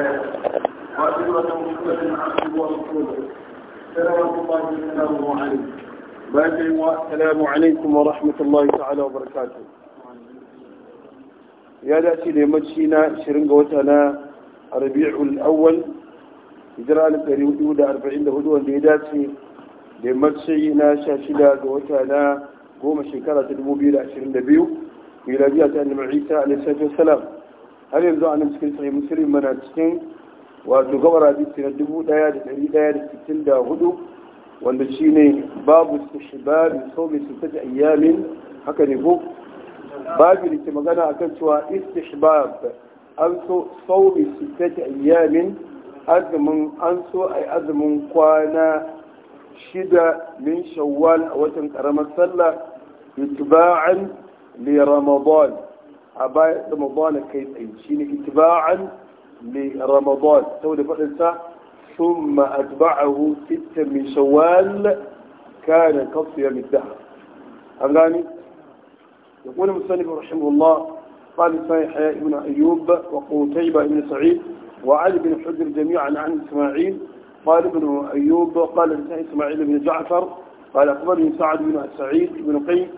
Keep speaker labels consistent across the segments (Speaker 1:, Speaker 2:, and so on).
Speaker 1: الحياة وأدلة محمد عبده ورسوله صلوات الله وسلامه عليه باقي والسلام عليكم ورحمة الله تعالى وبركاته يا داشي لمجينا شرنقة وتنا ربيع الأول hijira na ɗari hudu da arba'in da hudu ya dace da marci na sha shida ga wata na goma shekara ta dubu biyu da ashirin da biyu miladiya ta annabi isa alaihi salam har yanzu a nan cikin sahih muslim mana cikin wato gabar hadisi na 1164 wanda shine babu istishbab sawmi sittati ayyamin haka ne ko babu da ke magana kan cewa istishbab an so sawmi sittati ayyamin azumin an so ai azumin kwana shida min shawwal a watan karamar sallah itba'an li ramadan أباي رمضان كيف kai اتباعا لرمضان تولي li ثم أتبعه ستة من شوال كان كصيام الدهر أغاني يقول المسلم رحمه الله قال صحيح ابن بن أيوب وقوتيبة بن سعيد وعلي بن حجر جميعا عن إسماعيل قال ابن أيوب قال الثاني إسماعيل بن جعفر قال أخبرني سعد بن سعيد بن قيس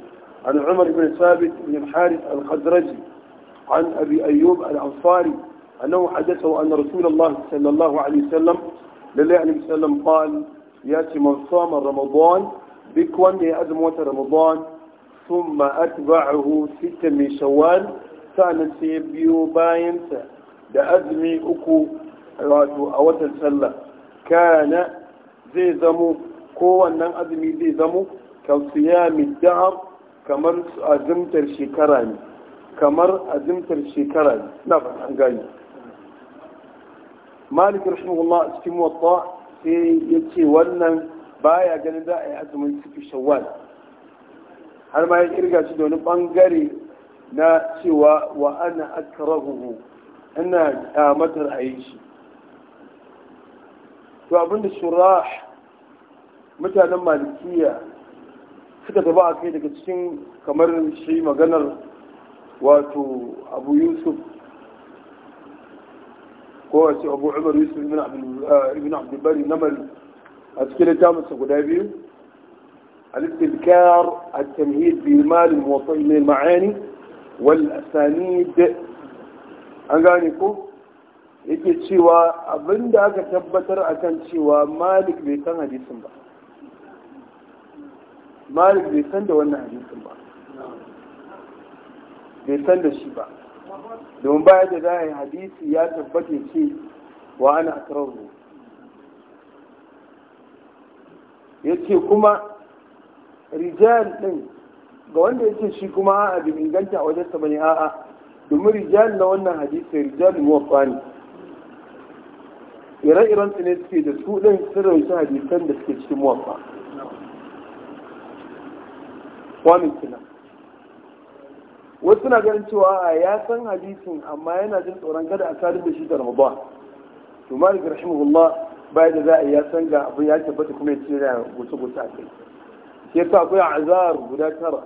Speaker 1: عن عمر بن ثابت بن الحارث الخزرجي عن أبي أيوب الأنصاري أنه حدثه أن رسول الله صلى الله عليه وسلم لله عليه وسلم قال ياتي من صام رمضان بكون أزمة رمضان ثم أتبعه ستة من شوال سأنا سيبيو باينسا da azumi uku wato a watan sallah kana zai zamo kowannan azumi zai zamo kafsiya da'a kamar azumtar shekara ne kamar azimtar shekara ne na fata gani malik rahimahullah a cikin wata sai ya ce wannan baya ganin za a yi azumin cikin shawwal har ma ya kirga shi da wani bangare na cewa wa ana akrahuhu ina kyamatar a yi shi to abinda shurah mutanen malikiya suka taba a kai daga cikin kamar shi maganar wato abu yusuf ko wace abu umar yusuf ibn abdulbari eh, mari a cikin littafinsa guda biyu الاستذكار التمهيد بالمال الموصل من المعاني والأسانيد an gane ko yake cewa abinda aka tabbatar akan cewa malik bai san hadisin ba malik bai san da wannan hadisin ba bai san da shi ba domin baya da za a yi hadisi ya tabbata ce wa ana akararru ya ce kuma rijal ɗin ga wanda ya ce shi kuma a'a bin inganta a wajen wajensa bane a'a domin rijal na wannan hadisi rijal muwaffa ne ire-iren su ne suke da su ɗin sun rauci hadisan da suke cikin muwaffa wani kina wasu na ganin cewa a ya san hadisin amma yana jin tsoron kada a sadar da shi da ramadan to malik rahimahullah bayan da za a ya san ga abin ya tabbata kuma ya ce da gusa gusa a kai sai yasa akwai azar guda tara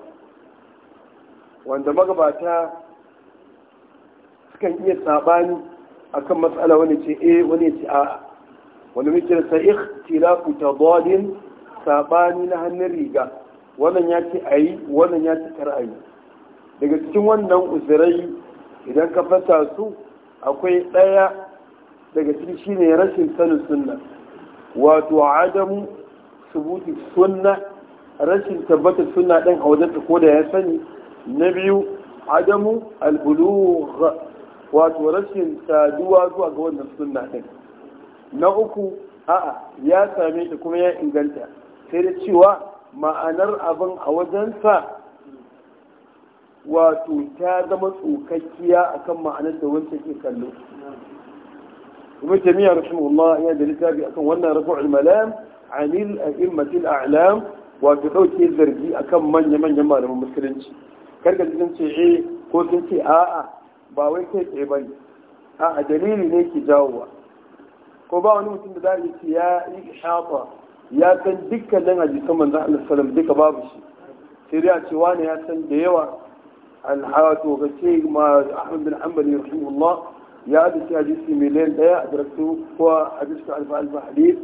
Speaker 1: wanda magabata sukan iya sabani akan matsala wani ce a wani ce a wani mai sa ikhtilafu tadadin sabani na hannun riga wannan ya ce ayi wannan ya ce kar ayi daga cikin wannan uzurai idan ka fasa su akwai ɗaya daga cikin shine rashin sanin sunna wato adamu subuti sunna rashin tabbatar sunna ɗin a wajen ko da ya sani na biyu adamu albulugh wato rashin saduwa zuwa ga wannan sunna ɗin na uku a'a ya same ta kuma ya inganta sai da cewa ma'anar abin a wajensa wato ta zama tsokakkiya akan ma'anar da wancan ke kallo ibn taymiya rahimahullah yana da littafi akan wannan rafu'ul malam anil a'immatil a'lam wato dauke zargi akan manya manyan malaman musulunci karka sun ce eh ko sun ce a'a ba wai kai tsaye bane a'a dalili ne ke jawowa ko ba wani mutum da za a ce ya yi ishafa ya san dukkanin hadisan manzon Allah sallallahu alaihi wasallam duka babu shi sai dai a ce wani ya san da yawa alhaatu ka ce ma ahmad bin hanbal ya rahimu allah ya hadisi hadisi mai daya a darasu ko hadisi alfa alfa hadis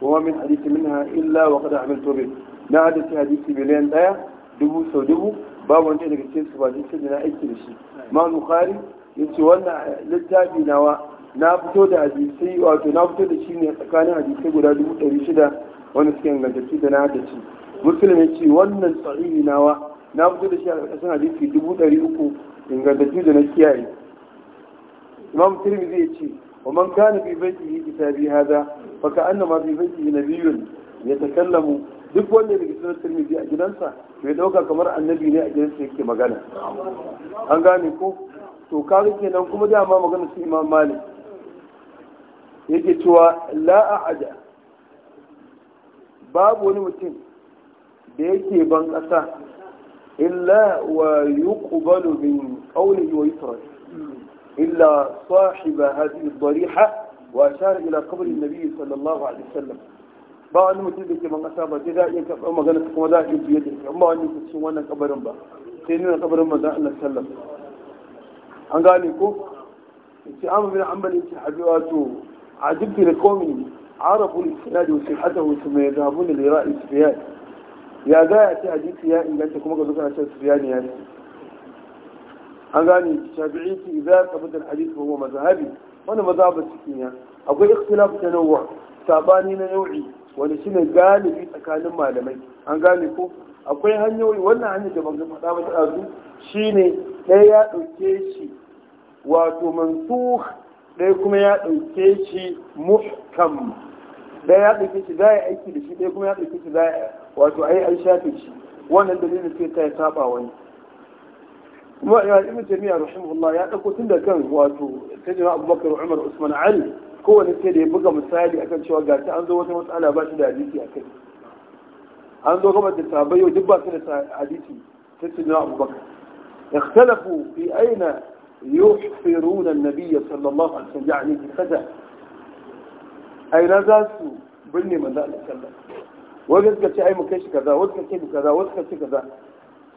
Speaker 1: wa ma min hadisi minha illa wa qad amiltu na hadisi hadisi mai daya dubu sau dubu babu wanda daga cikin su ba da na aiki da shi ma bukhari ya ce wannan littafi nawa na fito da hadisi wato na fito da shi ne tsakanin hadisi guda dubu ɗari shida wanda suke ingantattu da na hadisi muslim wannan tsari nawa na fito da shi a ƙarƙashin hadisi dubu ɗari uku ingantattu da na kiyaye imam tirmidhi zai ce wa man kana fi baitihi kitabi hada fa ka annama fi ya nabiyyun yatakallamu duk wanda daga sunan zai a gidansa ya dauka kamar annabi ne a gidansa yake magana an gane ko to kaga kenan kuma dama magana su imam malik yake cewa la a'ada babu wani mutum da yake ban ƙasa إلا ويقبل من قوله ويترك إلا صاحب هذه الضريحة وأشار إلى قبر النبي صلى الله عليه وسلم بعد متلك من أصاب جزاء ينكف أما قالت قوضاء بيدك أما أن يتسوانا قبر أمبا سينينا قبر أمبا صلى الله عليه وسلم أن قال لكم إنت أما من عمل إنت حبيواته عجبت لقومي عرفوا الإسناد وصحته ثم يذهبون لرأي السبيات ya za a ce hadisi ya inganta kuma ga zuwa cewa sufyan ya ne an gane shafi'i ki a qabata al-hadith kuma huwa mazhabi wani mazhaba cikin ya akwai ikhtilaf nawa sabani na nau'i wani shine galibi tsakanin malamai an gane ko akwai hanyoyi wannan hanyar da ban faɗa ba ta shine ɗaya ya ɗauke shi wato mansukh ɗaya kuma ya ɗauke shi muhkam ɗaya ya ɗauke shi za a yi aiki da shi ɗaya kuma ya ɗauke shi za a wato ai an shafe shi wannan dalilin sai ta ya saba wani kuma ya ibn tamiya rahimahullah ya dauko tun da kan wato tajma abubakar umar usman ali kowane sai da ya buga misali akan cewa ga ta an zo wata matsala ba shi da hadisi a kai an zo gaba da sahabbai yau duk ba su da hadisi ta tajma abubakar اختلفوا في أين يحفرون النبي صلى الله عليه وسلم يعني في الفتح أين ذات بني من ذلك الله wani suka ce ai mu kai shi kaza wasu suka ce mu kaza wasu suka ce kaza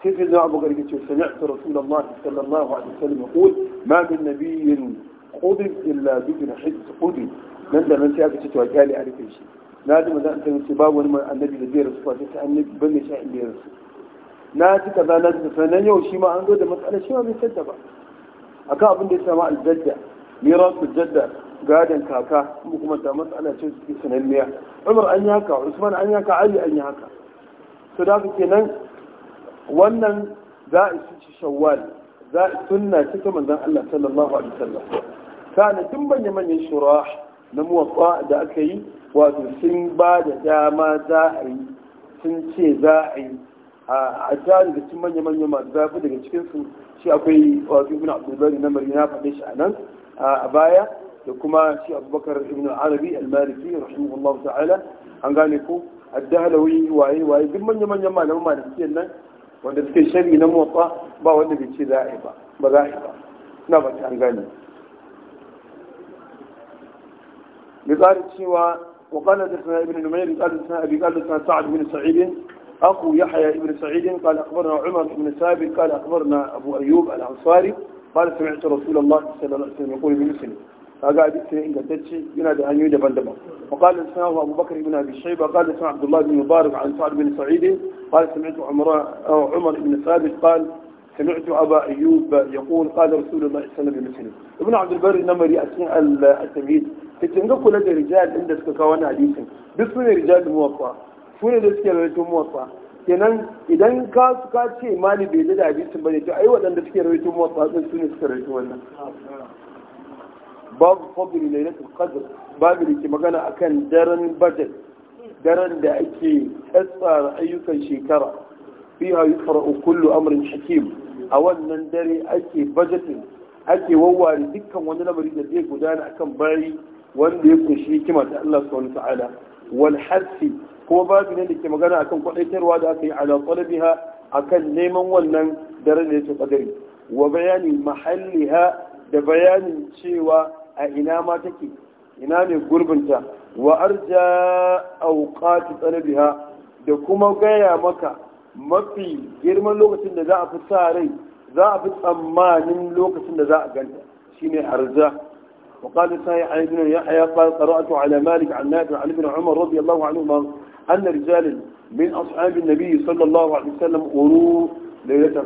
Speaker 1: sai sai zama abu gargace sami'tu rasulullahi sallallahu alaihi wasallam yaqul ma min nabiyyin qudin illa bi jinahi qudin nan da nan sai aka ce to kyale a rufe na ji manzo an ce babu wani annabi da zai rasu fa sai annabi bane shi inda ya rasu na ji kaza na ji kaza yau shi ma an zo da matsalar shi ma bai santa abin da ya gadon kaka mu kuma ta matsala ce suke ke sananniya umar an yi haka usman an yi haka ali an yi haka to da suke kenan wannan za a ci shawwal za a sunna ce ta manzon Allah sallallahu alaihi wasallam kana tun manya manyan shura na muwaffa da aka yi wato sun ba da dama za a yi sun ce za a yi a ta daga cikin manya manya masu zafi daga cikinsu shi akwai wato ibn abdul na marina faɗe shi a nan a baya لكما شيء أبو بكر ابن العربي المالكي رحمه الله تعالى an gane ko addahalawi waye waye duk manya manyan malaman malikiyan nan wanda suke shari na motsa ba wanda bai ce za a yi ba ba za a yi ba suna ba an gane bi tsari cewa wa qala dasana ibn numayr qala dasana abi qala dasana sa'd ibn sa'id اخو يحيى ابن سعيد قال اخبرنا عمر بن ثابت قال اخبرنا ابو ايوب الانصاري قال سمعت رسول الله صلى الله عليه وسلم يقول بمثله Ka ga a bi tace yana da hanyoyi daban daban a ka kan Abu Bakr al-himmi na bi Shaba a ka kan lantarki sana'o Abdullahi bin Waɛruw Binta, Alhamduliyi bin Sa'id, Fadil Saminu uh, Umar, Ibn Sabis, Bal Saminu Ituaiba, Ayuba, Yaquwira, ƙadar, Suleiman, Salisu, Ibrahim, Ibrahim ɗuɗai da namari a cikin al'adari ta ke cikin ka kulla da rijiyar da suka kawana a bi san duk suna da rijiyar da mu wasu ba da da wasu ba ne a bi san suke da wasu ba su ne da suka babu fadli lailatul qadr babu da ke magana akan daren budget daren da ake tsatsara ayyukan shekara fiha yufra'u kullu amrin hakim a wannan dare ake budgeting ake wawware dukkan wani lamari da zai gudana akan bari wanda ya kunshi hikima ta Allah subhanahu ta'ala wal harfi kuma babu ne da ke magana akan kwadaitarwa da aka yi ala talabiha akan neman wannan daren da ya kadari wa bayani mahalliha da bayanin cewa a ina ma take ina ne gurbinta wa arja auqati talabiha da kuma gaya maka mafi girman lokacin da za a fi sa rai za a fi tsammanin lokacin da za a ganta shine arja وقال سعي عن ابن يحيى قال قرأت على مالك عن نافع عن ابن عمر رضي الله عنهما أن رجالا من أصحاب النبي صلى الله عليه وسلم أروا ليلة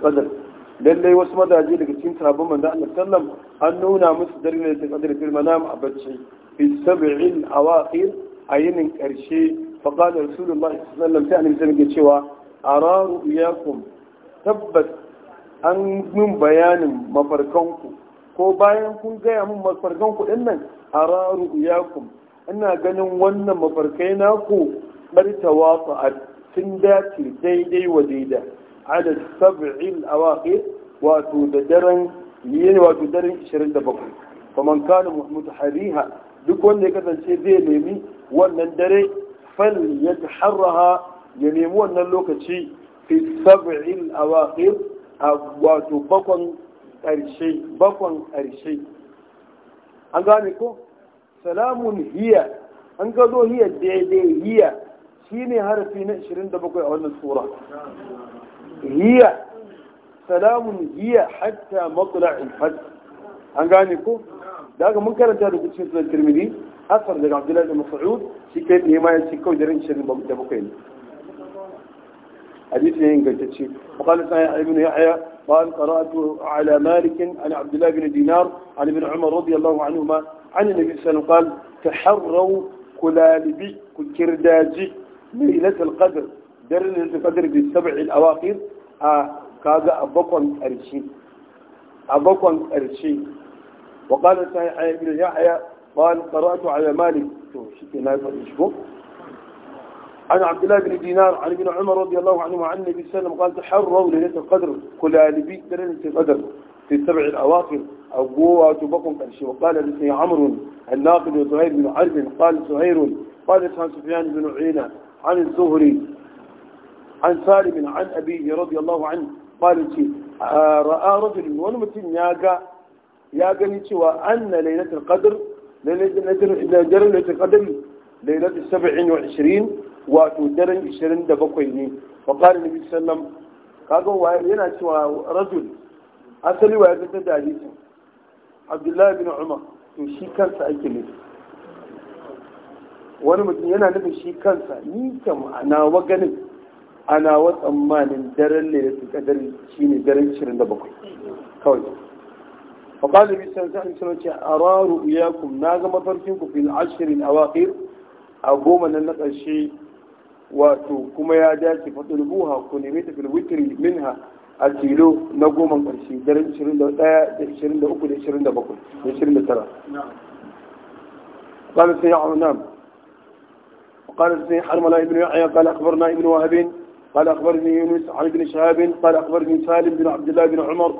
Speaker 1: lallai wasu mazaje daga cikin sahabban manzo Allah sallam an nuna musu dalilin da kadar fil manam a bacci fi sab'in awaqir a yinin karshe fa qala rasulullahi sallallahu alaihi wasallam ta cewa araru iyakum tabbas an nun bayanin mafarkanku ko bayan kun gaya min mafarkanku din nan araru iyakum ina ganin wannan mafarkai naku bar tawafa'at sun dace daidai wa daidai ala sab'il awaqir wato da daren yin wato daren 27 faman kana duk wanda ya kasance zai nemi wannan dare fal yataharraha ya nemi wannan lokaci fi sab'il awaqir wato bakon bakon ƙarshe an gane ko salamun hiya an gado hiya daidai hiya shine harafi na 27 a wannan sura هي سلام هي حتى مطلع الفجر an gane ko da aka mun karanta da cikin sunan tirmidhi asar daga abdullahi da mas'ud shi kai ne ma yace kawai da rincin وقال سعي ابن يحيى قال قرأت على مالك عن عبد الله بن دينار عن ابن عمر رضي الله عنهما عن النبي صلى الله عليه وسلم قال تحروا كلالبي كرداجي ليلة القدر درن القدر بالسبع الأواخر a kaga a bakon ƙarshe a bakon ƙarshe wa ƙada ta yi a yabi ya haya bayan عن عبد الله بن دينار عن ابن عمر رضي الله عنه وعن النبي صلى الله عليه وسلم قال تحروا ليلة القدر كلالبي ليلة القدر في السبع الأواخر أو قوة بكم قرشي وقال لسي عمر الناقد وزهير بن عرب قال زهير قال سفيان بن عيينة عن الزهري an salimin an abihi radiyallahu an malin ce ra'a rajulun wani mutum ya ga ya gani cewa anna lailatul qadr lailatul lailatul qadr lailatul 27 wato daren 27 ne fa qala nabi sallam kaga waye yana cewa rajul asali waye ta da hadisi abdullahi bin umar to shi kansa nufi wani mutum yana nufin shi kansa ni kam ana waganin ana wa tsammanin daren ne da suka daren shi ne daren da bakwai kawai fa qala bi sallallahu alaihi wasallam ce araru iyakum na ga mafarkin ku fil ashrin awaqir a goma nan na ƙarshe wato kuma ya dace fadul buha ku ne mai tafil witri minha a tilo na goma ƙarshe daren 21 da 23 da 27 da 29 قال سيدنا عمر نعم وقال سيدنا حرملة ابن يحيى قال أخبرنا ابن وهب قال أخبرني يونس عن ابن شهاب قال أخبرني سالم بن عبد الله بن عمر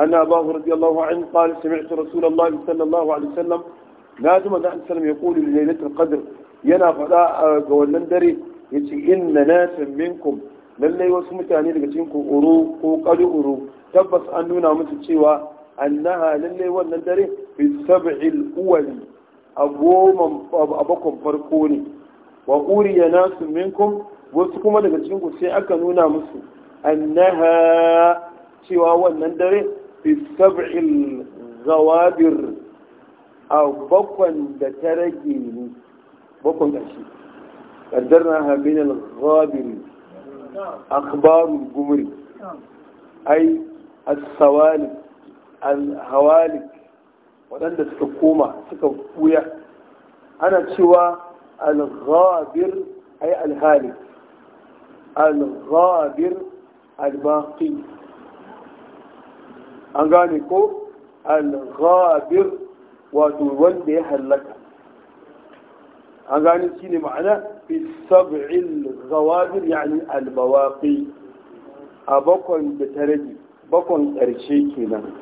Speaker 1: أن أباه رضي الله عنه قال سمعت رسول الله صلى الله عليه وسلم لازم أن سلم يقول لليلة القدر ينا فلا قولن دري يتي إن ناس منكم lallai wasu mutane daga cikin ku uru ko kali uru tabbas an nuna musu cewa annaha lallai wannan dare fi sab'il uwali a goma a farko ne wa uriya nasu minkum wasu kuma daga cikin ku sai aka nuna musu annaha cewa wannan dare fi sab'il zawadir a bakwan da ta rage ni bakwan ƙarshe ƙaddarna hamin al zawadir akhbarul gumri ai as-sawalik al-hawalik waɗanda suka koma suka kuya ana cewa al-ghabir ai al-halik al-ghabir al-baqi an gane ko al-ghabir wato wanda ya hallaka an gane shi ne ma'ana fi sab'il yani al-bawaqi a bakon da ta rage bakon ƙarshe kenan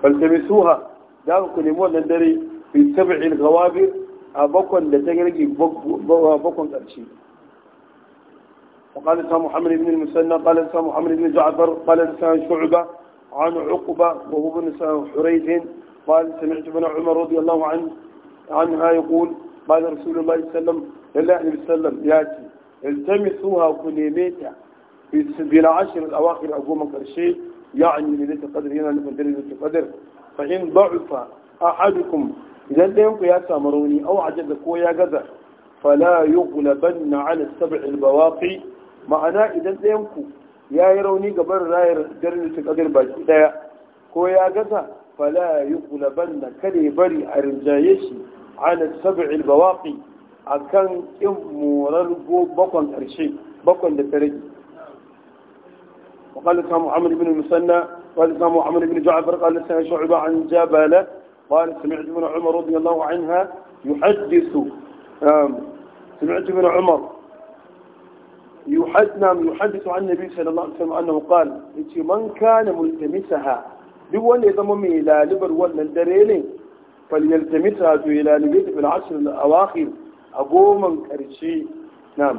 Speaker 1: falsami suha da ku nemi wannan dare fi sab'il a bakon da ta rage bakon ƙarshe وقال إنسان محمد بن المسنى قال إنسان محمد بن جعفر قال إنسان شعبة عن عقبة وهو بن إنسان حريث قال سمعت بن عمر رضي الله عنه عنها يقول قال رسول الله صلى الله عليه وسلم لله عليه وسلم ياتي التمسوها كنيميتا في العشر الأواخر أقوم من كرشي يعني من ليلة القدر هنا نفن ليلة القدر فإن ضعف أحدكم إذا لم يا سامروني أو عجبك ويا قدر فلا يغلبن على السبع البواقي ma'ana idan ɗayan ku ya yi rauni ga barin rayar darnitin ƙadar baki ɗaya ko ya gaza fala yi kulaban na kada bari a rinjaye shi ana sabi'il bawaƙi a kan ƙin morar bakon ƙarshe bakon da ta rage وقال سامو عمرو بن المثنى قال سامو عمرو بن جعفر قال سنة شعبة عن جبل قال سمعت ابن عمر رضي الله عنها يحدث سمعت ابن عمر نعم يحدث عن النبي صلى الله عليه وسلم أنه قال من كان ملتمسها duk wanda ya zama mai lalibar wannan dare ne falyaltamisa to ya lalibe ta fil ashr al awakhir a goman karshe na'am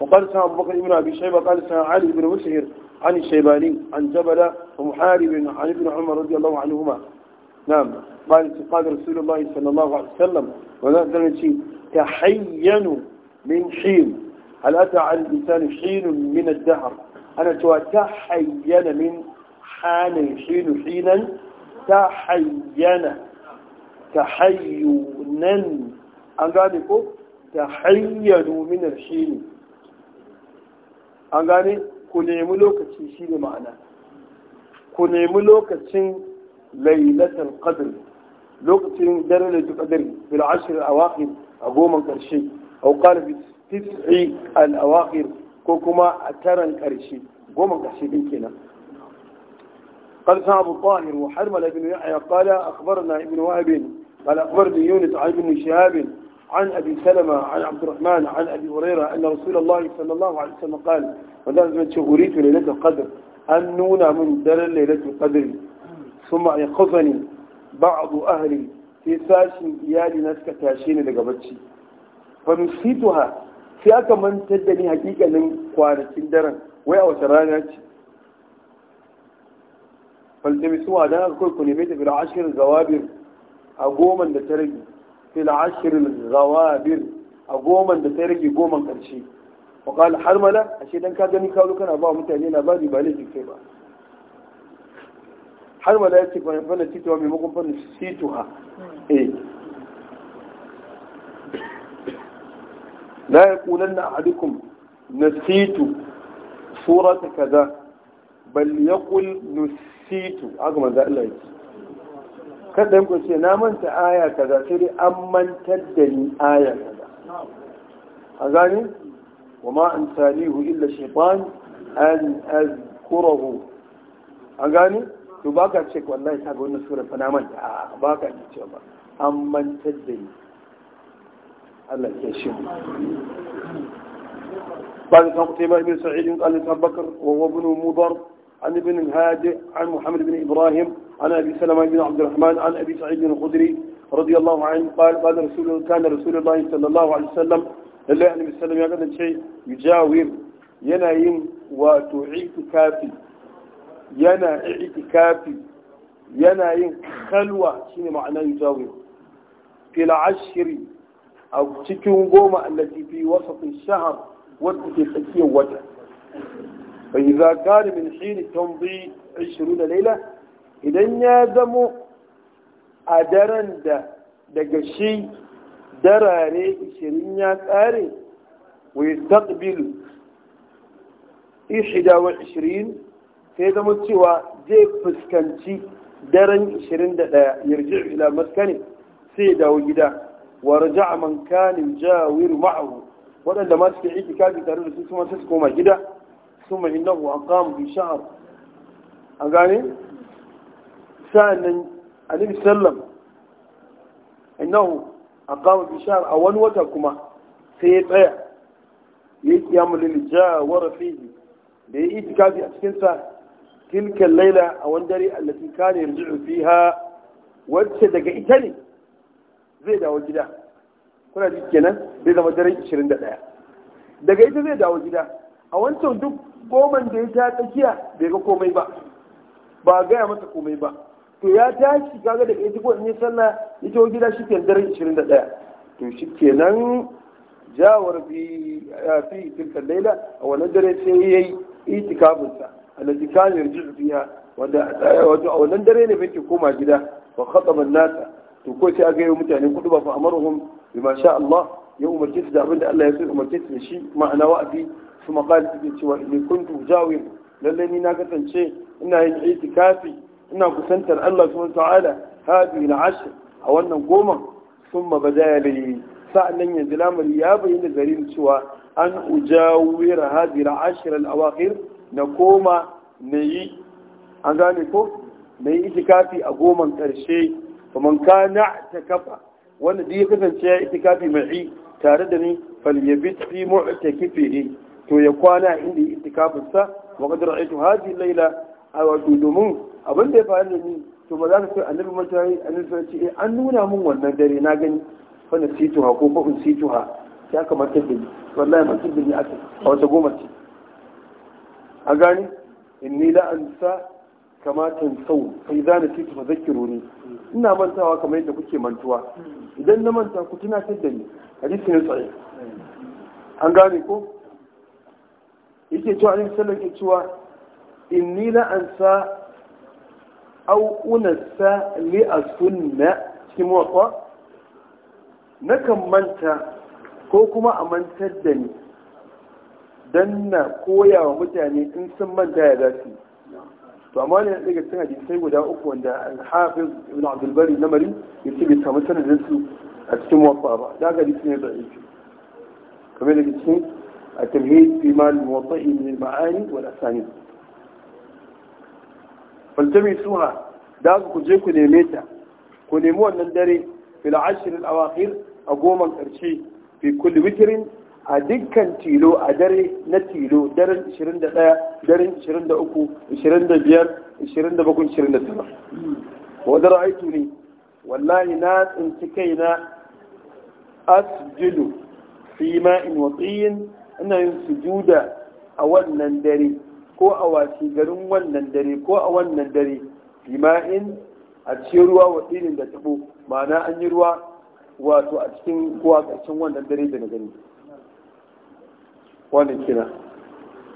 Speaker 1: وقال سمع أبو بكر بن أبي شيبة قال سمع علي بن مسهر عن الشيباني عن جبل ومحارب عن ابن عمر رضي الله عنهما نعم قال قال رسول الله صلى الله عليه وسلم وذلك تحينوا من حين hal ata al insani hinun min ad-dahr ana cewa ta hayyana min hanin hinu hinan ta hayyana ta hayyunan ta hayyanu min al an gane ku nemi lokaci shi ne ma'ana ku nemi lokacin lailatul qadr lokacin dare a goma karshe au tis'i al-awakhir ko kuma a taran ƙarshe goma ƙarshe din kenan قال سعب الطاهر وحرمل بن يحيى قال أخبرنا ابن وهب قال أخبرني يونس عن ابن شهاب عن أبي سلمة عن عبد الرحمن عن أبي هريرة أن رسول الله صلى الله عليه وسلم قال ولازم من أريد ليلة القدر أن نونا من در ليلة القدر ثم يقفني بعض أهلي في ساش إيالي ناس كتاشين لقبتشي فنسيتها sai aka mantar da ni hakikanin kwanakin daren wai a wata rana ce faltamisu a dan akwai ku neme ta fil ashir zawabir a goman da ta rage fil la'ashir zawabir a goman da ta rage goman karshe har qala harmala ashe dan ka gani ka zo kana ba mutane na ba ne jikai ba harmala ya ce na tituwa maimakon fa na tituha eh la yaqulanna ahadukum nasitu surata kaza bal ya yaqul nusitu haka manzo Allah yake kada ku ce na manta aya kaza sai dai an mantar da ni aya kaza a gani wa ma an talihu illa shaytan an azkurahu a gani to ba ka ce wallahi ta ga wannan sura fa na manta a baka ce ba an mantar da ni Allah ke shi بعد كان قتيبة بن سعيد قال لسان بكر وهو ابن مضر عن ابن الهادئ عن محمد بن إبراهيم عن أبي سلمة بن عبد الرحمن عن أبي سعيد الخدري رضي الله عنه قال قال رسول كان رسول الله صلى الله عليه وسلم لله النبي صلى الله عليه وسلم شيء يجاور ينايم وتعيد كافي ينا اعتكافي ينايم خلوة شنو معناه يجاور في العشر a cikin goma allati fi wasafin shahar wadda ke tsakiyar wata fa idza kana min hin tamdi 20 layla idan ya zamo a daren da daga shi darare 20 ya tsare wa yastaqbilu 21 sai zama cewa zai fuskanci daren 21 yarji ila maskani sai ya dawo gida wa raja'a man kana jawir ma'ahu wadanda ma suke itikafi tare da su kuma sai su koma gida thumma innahu aqama bi sha'r A gane sa'annan annabi sallam innahu aqama bi sha'r a wani wata kuma sai ya tsaya ya yi kiyamun lil jawara fihi da ya yi itikafi a cikinsa, sa tilka laila a wani dare allati kana yarji'u fiha wacce daga ita ne zai dawo gida kuna ji kenan zai zama daren 21 daga ita zai dawo gida a wancan duk goman da ya ta tsakiya bai ga komai ba ba a gaya masa komai ba to ya tashi kaga da ita ko ne sanna ya ce gida shi kenan daren 21 to shi kenan jawar ya fi tilka laila a wannan dare sai yayi itikafinsa alladhi kana yarji'u fiha wanda a wannan dare ne bai koma gida wa khatama nasa to ko sai aka yi mutane kudu ba fa amaruhum bima sha Allah ya umarce su da abin da Allah ya so umarce su shi ma'ana wa'azi su maqal suke cewa in kuntu jawin lalle ni na kasance ina yin itikafi ina kusantar Allah subhanahu ta'ala hadi na ashr a wannan goma thumma badaya li sa'annan yanzu lamari ya bayyana gari cewa an ujawira hadi na ashr al-awakhir na koma na yi an gane ko na yi itikafi a goman ƙarshe faman kana ta ya kasance ya itikafi mai tare da ni falyabit fi mu'takifihi to ya kwana inda ya itikafin sa wa qad ra'aytu hadhihi layla a wato domin abin da ya faru da ni to ba za ka ce annabi mutane annabi sai ce an nuna min wannan dare na gani fa na situha ko fa in situha ya kamata da ni wallahi mutum da ni a wata goma ce a gani inni la ansa kamatin sau sai za na titu fazakkiro ni ina mantawa kamar yadda kuke mantuwa idan na manta ku tunatar da ni hadisi ne tsaye an gane ko yake cewa alaihi sallam ya cewa inni la ansa sa unassa li asunna cikin na nakan manta ko kuma a mantar da ni don na koya wa mutane in sun manta ya za su yi to amma ne daga cikin hadisai guda uku wanda al-hafiz ibn abdul bari namari yace bai samu sanadin su a cikin muwaffa ba da ga hadisi ne da yake kamar daga cikin at-tamhid fi mal muwatta'i min al-ma'ani wal asani faltami suha da ku je ku neme ta ku nemi wannan dare fil ashr al-awakhir a goman karshe fi kulli witrin a dukkan tilo a dare na tilo daren 21 daren 23 25 27 27 wadda ra'aitu ne wallahi na tsinci kaina asjudu fi ma'in watsiyin ina yin sujuda a wannan dare ko a washi garin wannan dare ko a wannan dare fi ma'in a cikin ruwa watsiyin da tabo ma'ana an yi ruwa wato a cikin kowa ƙarshen wannan dare da na gani wannan kina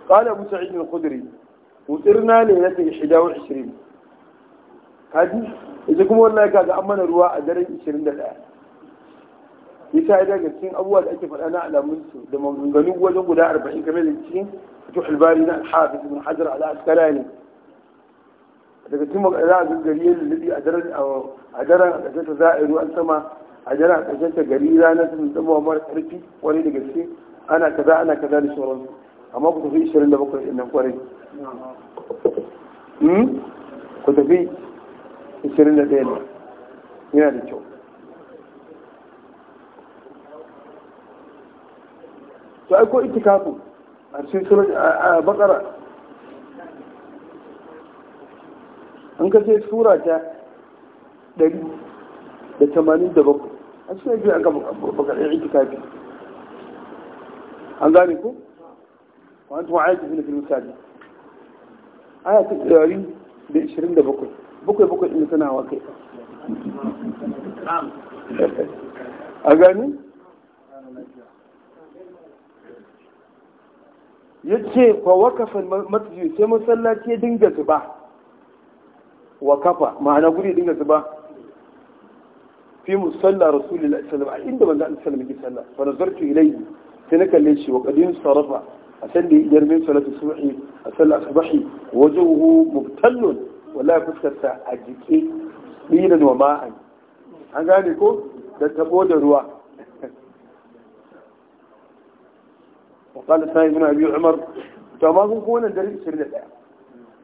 Speaker 1: قال أبو سعيد الخدري وطرنا ليلة إحدى وعشرين هذه إذا كم والله ruwa a daren ashirin da ɗaya. yasa ya daga cikin abubuwa da ake faɗa na alamun su da maganganu wajen guda arba'in kamar da cikin fituhul bari na alhafiz ibn hajar ala asqalani daga cikin za a gari yin lullubi a daren a daren a ƙarshen ta za'iru an sama a daren a ƙarshen ta gari ranar sun zama mara ƙarfi wani daga cikin ana kaza ana kaza da sauransu amma ku tafi 27 din nan kwarai ku tafi 21 ne yana da kyau to aiko ko itikafu a cikin surat a bakara an ka ce sura ta 187 a cikin an ka bakara itikafi an gane ku wa هنا في fil آية aya بإشرين 127 bakwai bakwai din tana wa kai a ya ce fa wakafa masjid sai masallaci ya dinga zuba wa kafa ma'ana guri ya dinga zuba fi musalla rasulullahi sallallahu alaihi wasallam inda manzo sallallahu alaihi wasallam yake fa sai na kalle shi wa kadin sarafa a san da yar min salatu subhi a sallar subhi wajhuhu mubtallun wallahi wala sa a jike dinan wa ma'an an gane ko da tabo da ruwa وقال سعيد بن Umar, to ma kun kuma nan daren 21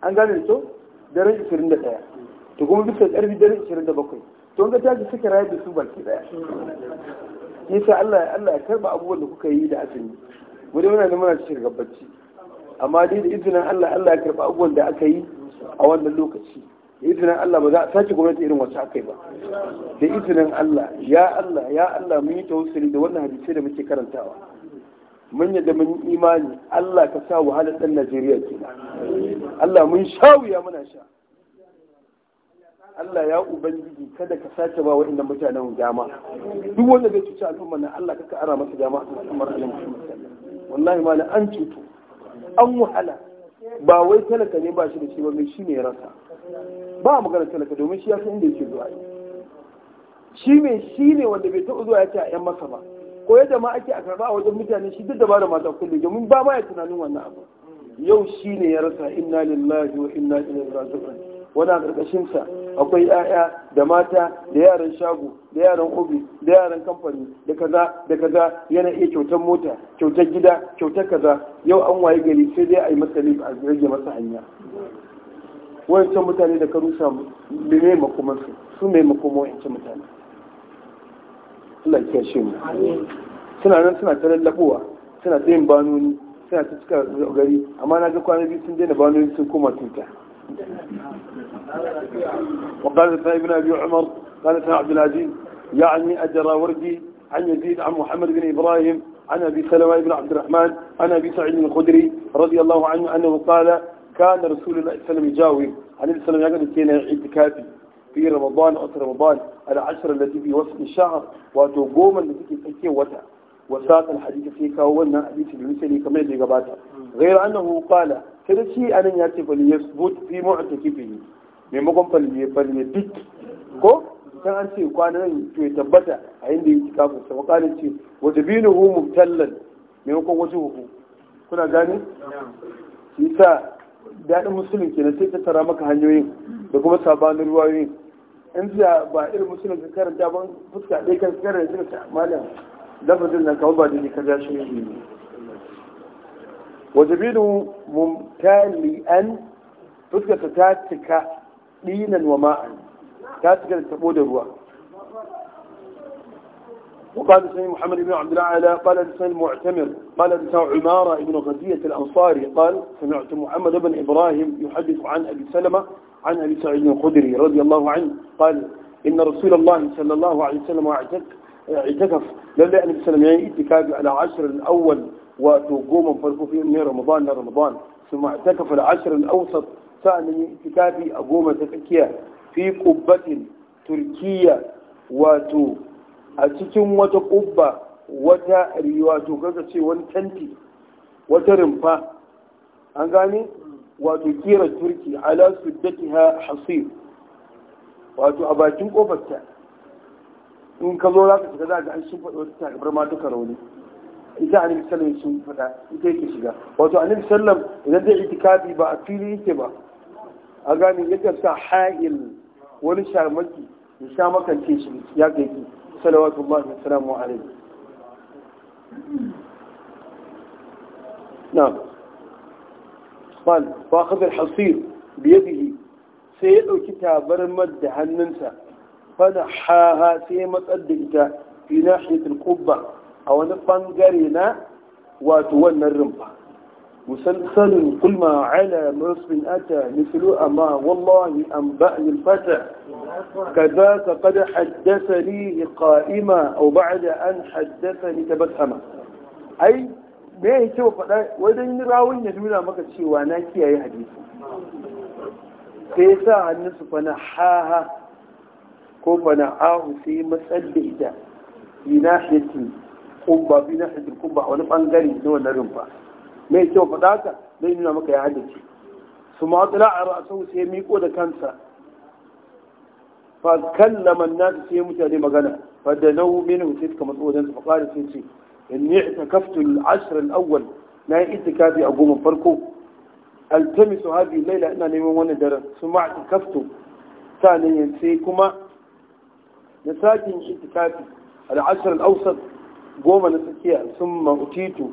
Speaker 1: an gane to daren 21 to kuma bisa karfi daren 27 to ga ta ji suka rayu da su baki daya nisa Allah Allah ya karba abubuwan da kuka yi da azumi mu dai muna da muna cikin gabbaci amma dai da izinin Allah Allah ya karba abubuwan da aka yi a wannan lokaci izinin Allah ba za a sake gwamnati irin wacce aka yi ba da izinin Allah ya Allah ya Allah mun yi tausayi da wannan hadisi da muke karantawa mun yadda mun imani Allah ka sa wahalar dan Najeriya kenan Allah mun sha wuya muna sha Allah ya ubangiji kada ka sace ba wa'annan mutanen dama duk wanda zai cuci al'umma na Allah ka ara masa dama a marar yin Muhammad wallahi ma an cutu an wahala ba wai talaka ne ba shi da shi ba shi ne rasa ba a magana talaka domin shi ya san inda yake zuwa shi mai shi ne wanda bai taɓa zuwa ya ce a 'yan masa ba ko yadda ma ake a karba a wajen mutane shi duk da ba da mata kulle domin ba ma ya tunanin wannan abu yau shi ne ya rasa inna lillahi wa inna ilaihi raji'un wani a ƙarƙashinsa akwai 'ya'ya da mata da yaran shago da yaran obi da yaran kamfani da kaza da kaza yana iya kyautar mota kyautar gida kyautar kaza yau an waye gari sai dai a yi masa a rage masa hanya wancan mutane da ka rusa mai makomansu su mai makomo wancan mutane suna nan suna ta lallabowa suna tsayin banoni suna ta cika gari amma na ga kwana biyu sun daina banoni sun koma tuta وقال ابن أبي عمر قال ابن عبد العزيز يعني أجرى وردي عن يزيد عن محمد بن إبراهيم عن أبي سلمة بن عبد الرحمن عن أبي سعيد الخدري رضي الله عنه أنه قال كان رسول الله صلى الله عليه وسلم يجاوب عليه الصلاه والسلام الله عليه وسلم اعتكافي في رمضان أو رمضان العشر التي في وسط الشهر وتقوم التي في وسط وساق الحديث في كون حديث بمثله كما يجي قباته غير أنه قال كذا شيء أن يأتي فليثبت في معتكفه maimakon falle duk ko can an ce kwanan to ya tabbata a inda yake kafin sa wakanin ce wa dabinuhu mubtallan maimakon wajuhu kuna gane yasa daɗin musulun kenan sai ta tara maka hanyoyin da kuma sabanin ruwayoyin in ba irin musulun ka karanta ban fuska ɗaya kan karanta malam lafazin انك kawai ba da ne ka ja shi ne wajabidu mumtali'an fuskarta ta cika dinan wa وقال سيدنا محمد بن عبد الله قال سيدنا المعتمر قال سيدنا عمارة بن غزية الأنصاري قال سمعت محمد بن إبراهيم يحدث عن أبي سلمة عن أبي سعيد الخدري رضي الله عنه قال إن رسول الله صلى الله عليه وسلم اعتك اعتكف لله النبي صلى الله عليه وسلم اعتكاف على عشر الأول وتقوم فرقه في من رمضان لرمضان ثم اعتكف العشر الأوسط ثاني اعتكافي أقوم تفكية في قبة تركية واتو أتكم وتقبة وتأريواتو كذا شيء وانتنتي وترمفة أنقاني wato kira turki ala suddatiha hasir wato a bakin kofarta in ka zo zaka shiga za ga an sun faɗi wata takabar ma duka rauni idan annabi sallam sun faɗa ita yake shiga wato annabi sallam idan zai itikafi ba a fili yake ba a gane yadda sa ha'il wani shamaki ya sha makance shi ya ga yake salawatu Allah wa salamu alaihi na'am قال فاخذ الحصير بيده سيدوكي تابرمد hannunsa فنحاها سي متقدمتا في ناحية القبة أو نفن قرينا واتوانا الرمبة مسلسل كل ما على مصر أتى مثل أما والله أنبأني الفتى كذاك قد حدثني قائما أو بعد أن حدثني تبسما أي ما يشوف ce faɗa wajen rawun ya nuna maka cewa na kiyaye hadisi sai ko fana ahu sai matsar da ita bi na shatin kubba bi na wani bangare na wannan rumfa mai kyau faɗa ka zai nuna maka ya haddace su ma tsala a ra'asau sai miko da kansa fa kallama nasu sai mutane magana fa da nau mini hutu suka matsa wajen su faƙari sai ce in ni ta kaftu al'ashirar awwal na yi itikafi a goma farko altamisu hadi laila ina neman wannan daren su ma ta kaftu sanin sai kuma na sakin itikafi al'ashar al'ausar goma na tsakiya sun ma'utitu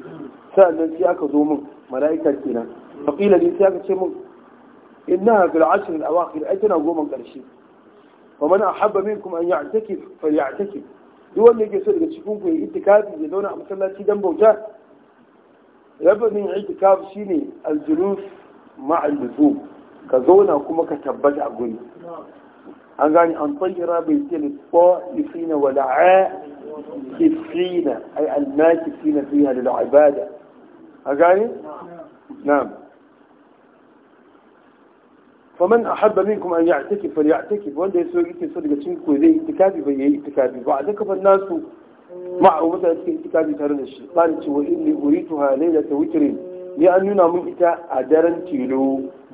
Speaker 1: sa'annan sai aka zo min mala'ika kenan faƙila ne sai aka ce min inna ga al'ashar al'awakhir ai tana goma ƙarshe fa man ahabba minkum an ya'takif fa ya'takif duk wanda yake so daga cikin ku ya itikafi ya zauna a masallaci dan bauta rabbin itikaf shine al-julus ma'a ka zauna kuma ka tabbata a guri an أن طير tsayyara الطاء ce lissa'ifina wa la'akifina ai annakifina fiha lil ibada an نعم فمن أحب منكم أن يعتكف فليعتكف وأن يسوي يمكن صدقة شنكو ذي اعتكافي فهي اعتكافي بعدك الناس معه مثلا اعتكافي ترد الشيء قالت وإني أريدها ليلة وتر لأن ينا أدارن إتا تيلو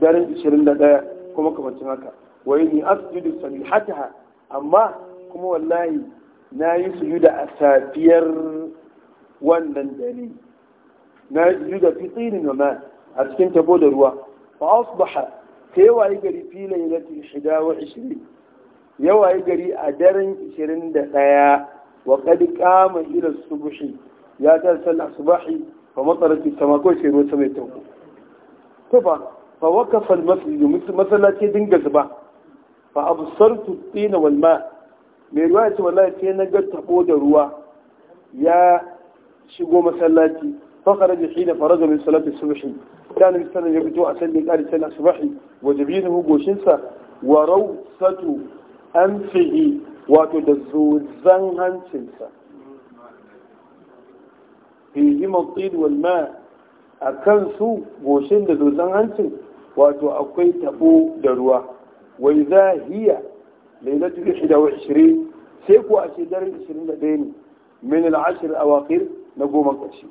Speaker 1: دارن إشرين لدى كما كما تناكا wa inni asjudu sabihataha amma kuma wallahi na yi sujuda a safiyar wannan dare na yi sujuda fi tsinin wa a cikin tabo da ruwa fa asbaha sai waye gari fi lailatul shida wa 20 ya waye gari a daren 21 wa qad qama ila subhi ya ta sallah subahi fa matsarat sama ko sai ruwa sama ya tauko to fa fa waqafa al masjid masallaci dinga zuba fa absartu tsina wal ma mai ruwa ya ce wallahi sai na ga tabo da ruwa ya shigo masallaci fa kharaja hina faraja min salati subhi kana bi sanan ya fito a sallin qari sallah subhi wa jabinuhu goshinsa wa rawsatu anfihi wato da zozan hancinsa fihi maqid wal ma akan su goshin da zozan hancin wato akwai tabo da ruwa وإذا هي ليلة الإحدى وعشرين سيكو أشدار الإسرين لديني من العشر الأواخر نقوم أشي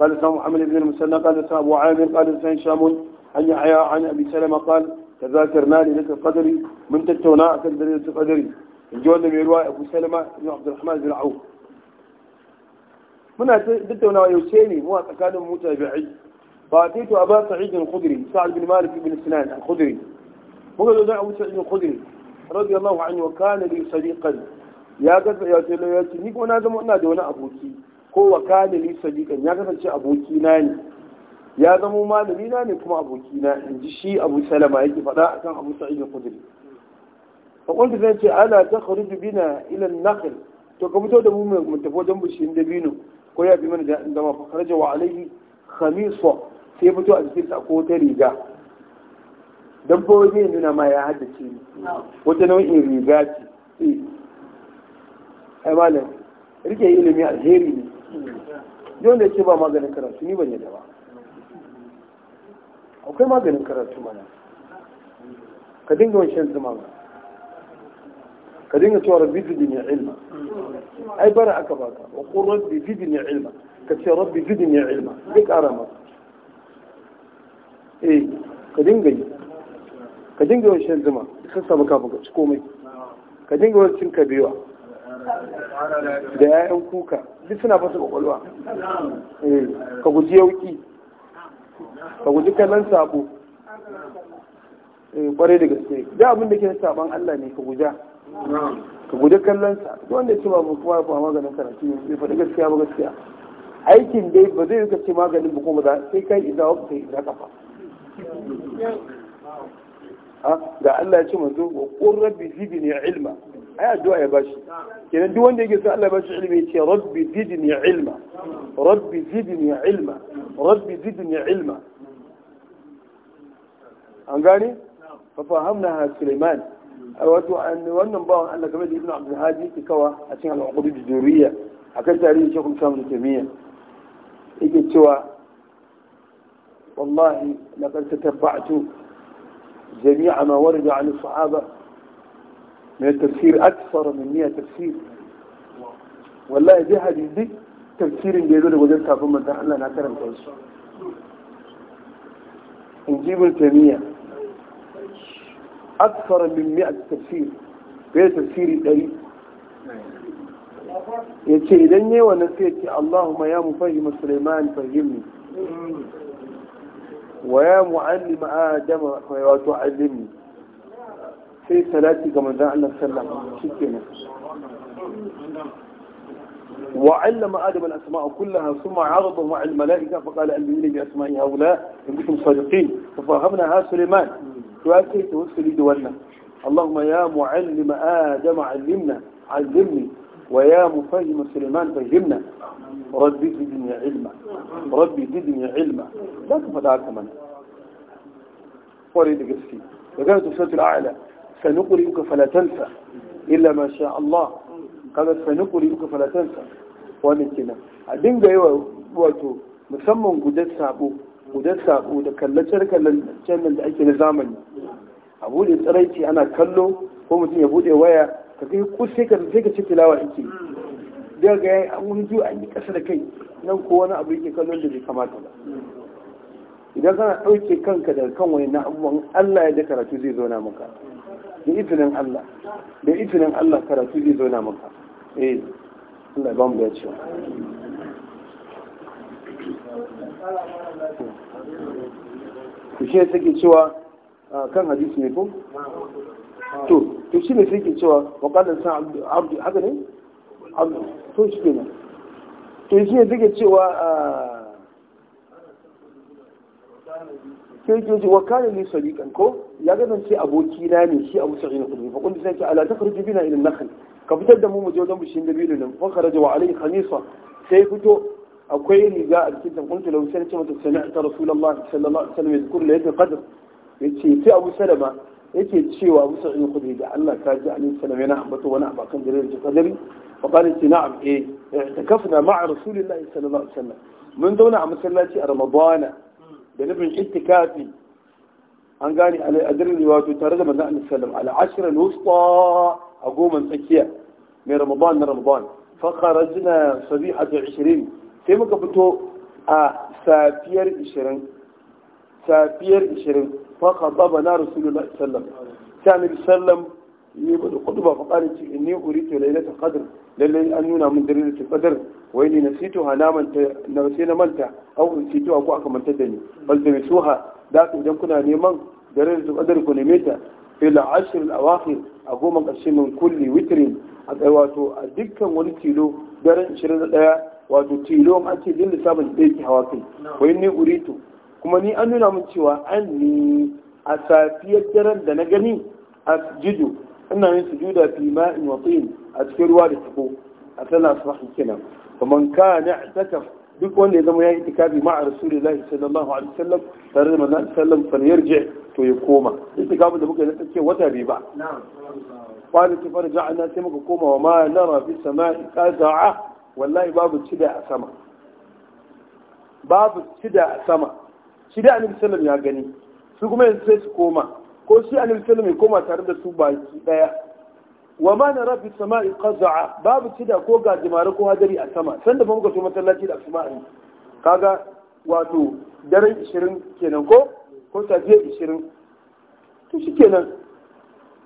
Speaker 1: قال سام محمد بن المسنى قال سام أبو عامر قال سام شامون عن يحيى عن أبي سلمة قال تذاكرنا ليلة القدر من تتونا أكل ليلة القدر الجوان من رواية أبو سلمة بن عبد الرحمن بن عوف من تتونا يوسيني هو mu متابعي فأتيت أبا سعيد الخدري سعد بن مالك بن سنان الخدري مغلق أبو سعيد الخدري رضي الله عنه وكان لي صديقا ya kasa ya ce ya ce ni ko na zama ina da wani aboki ko wa kana li sadiqan ya kasance aboki na ne ya zama malami na ne kuma aboki na in ji shi Abu Salama yake faɗa akan Abu Sa'id al-Khudri fa kuntu ce ala takhruj bina ila an-nakhl to ka fito da mu mu tafi wajen bishiyin dabino ko ya bi mana da dama fa kharaja wa alayhi khamisa sai fito a jikin sa ko ta riga dabbobi zai nuna ma ya haddace ne wata nau'in riga ce ai eh, malam rike ilimi alheri ne yau da ce ba maganin karatu ni ban da ba akwai maganin karatu mana ka dinga wancan zama ba ka dinga cewa rabbi zidni ilma ai bara aka baka wa qur rabbi zidni ilma ka ce rabbi zidni ilma zai kara maka eh ka dinga yi ka dinga yawan shan zuma sun samu kafin ka ci komai ka dinga yawan cin kabewa da 'ya'yan kuka duk suna fasa kwakwalwa eh, ka guji yauki ka guji kallon sabo kwarai eh, da gaske da abin da ke saban Allah ne ka guja ka guji kallon sa wanda ya ce ba kuma ba maganin karatu ne faɗi gaskiya ba gaskiya aikin dai ba zai rika ce maganin ba kuma sai kai idawa ka kai idan kafa ga Allah ya ce manzo wa qur rabbi zidni ilma ai addu'a ya bashi kenan duk wanda yake son Allah ya bashi ilimi ya ce rabbi zidni ilma rabbi zidni ilma rabbi zidni ilma an gane fa fahamna Sulaiman wato an wannan bawan Allah kamar da Ibn Abdul Hadi ke kawa a cikin al-Uqud al-Juriyya akan tarihi Sheikh Islam Ibn Taymiyyah yake cewa wallahi laqad tatabatu جميع ما ورد عن الصحابة من التفسير أكثر من 100 تفسير والله دي حديث دي تفسير جيدون وجدتها فما دعنا نعترف بس نجيب الجميع أكثر من 100 تفسير غير تفسير الدليل يتشهدني ونسيت اللهم يا مفهم سليمان فهمني ويا معلم آدم وتعلمني في ثلاثة كما ذا الله سلم شكنا وعلم آدم الأسماء كلها ثم عرضهم على الملائكة فقال ألمني بأسماء هؤلاء إن كنتم صادقين ها سليمان وأكيد توسل دولنا اللهم يا معلم آدم علمنا علمني ويا مفهم سليمان فهمنا ربي زدني علما ربي زدني علما لا تفضع كمان وريد قصتي وقالت الصوت الأعلى سنقرئك فلا تنسى إلا ما شاء الله قال سنقرئك فلا تنسى wannan kenan a dinga yi wato musamman gudar sabo sabo da kallacar kallacen nan da ake na zamani a bude ana kallo ko mutum ya bude waya ka kai ko sai ka sai ka ci tilawa yake da ga yayi an ji an yi kasa da kai nan ko wani abu yake kallon da bai kamata ba idan kana ɗauke kanka daga kan wani na abubuwan Allah ya da karatu zai zauna maka da izinin Allah da izinin Allah karatu zai zauna maka eh Allah ya ba mu da cewa ku shi sake cewa kan hadisi ne ko to to shi ne sai ke cewa wa san abdu haka ne abdu to shi ne to shine sai ke cewa ah, sai ke ce wa ne sadiqan ko ya ga sai aboki na ne shi Abu Sa'id al kuma fa kuntu sai ala takhruju bina ila an-nakhl ka fitar da mu mu je wajen bishin dabilu nan fa kharaja wa alayhi khamisa sai fito akwai riga a cikin kuntu cewa ta ce mata sami'ta rasulullahi sallallahu alaihi wasallam yadhkur laylatul qadr yace sai Abu Salama yake cewa musa in kudi da Allah ta ji alaihi salam yana ambata wani abakan da rayuwar kadari fa qala ti na'am eh kafna ma'a rasulillahi sallallahu alaihi wasallam mun zauna a masallaci a ramadana da nufin ittikafi an gane al'adarin wato tare da manzon sallallahu alaihi wasallam al-wusta a goma tsakiya mai ramadan na ramadan fa kharajna sabihata 20 sai muka fito a safiyar 20 safiyar 20 fa khababa na rasulullahi sallam sai annabi sallam yi ba kudu ba fa kana ce inni uritu lailatul qadr lalle an nuna min lailatul qadr wai ni nasitu hanaman ta na sai na manta au nasitu ko aka manta da ni bal da suha da idan kuna neman lailatul qadr ku neme ta fil ashr al awakhir a goma ƙarshe min kulli witrin a tsaye wato a dukkan wani tilo daren 21 wato tilo an ce din sabon da yake hawa kai wai ni uritu kuma ni an nuna min cewa an ni a safiyar daren da na gani a asjudu ina yin sujuda fi ma'in wa a cikin ruwa da tuko a su sallah subhi kenan ne a i'takaf duk wanda ya zama ya yi itikafi ma'a rasulullahi sallallahu alaihi sallam tare da manzon sallam fa yarji to ya koma itikafin da muka yi na tsakke wata bai ba qala ta fara ana sai muka koma wa ma nara fi sama'i qada'a wallahi babu cida a sama babu cida a sama shi dai annabi sallam ya gani su kuma yanzu sai su koma ko shi annabi sallam ya koma tare da su baki daya wa ma na fi sama'i qaz'a babu cida ko gajimare ko hadari a sama sanda ba muka so masallaci da asma'i kaga wato daren 20 kenan ko ko safiya 20 to shikenan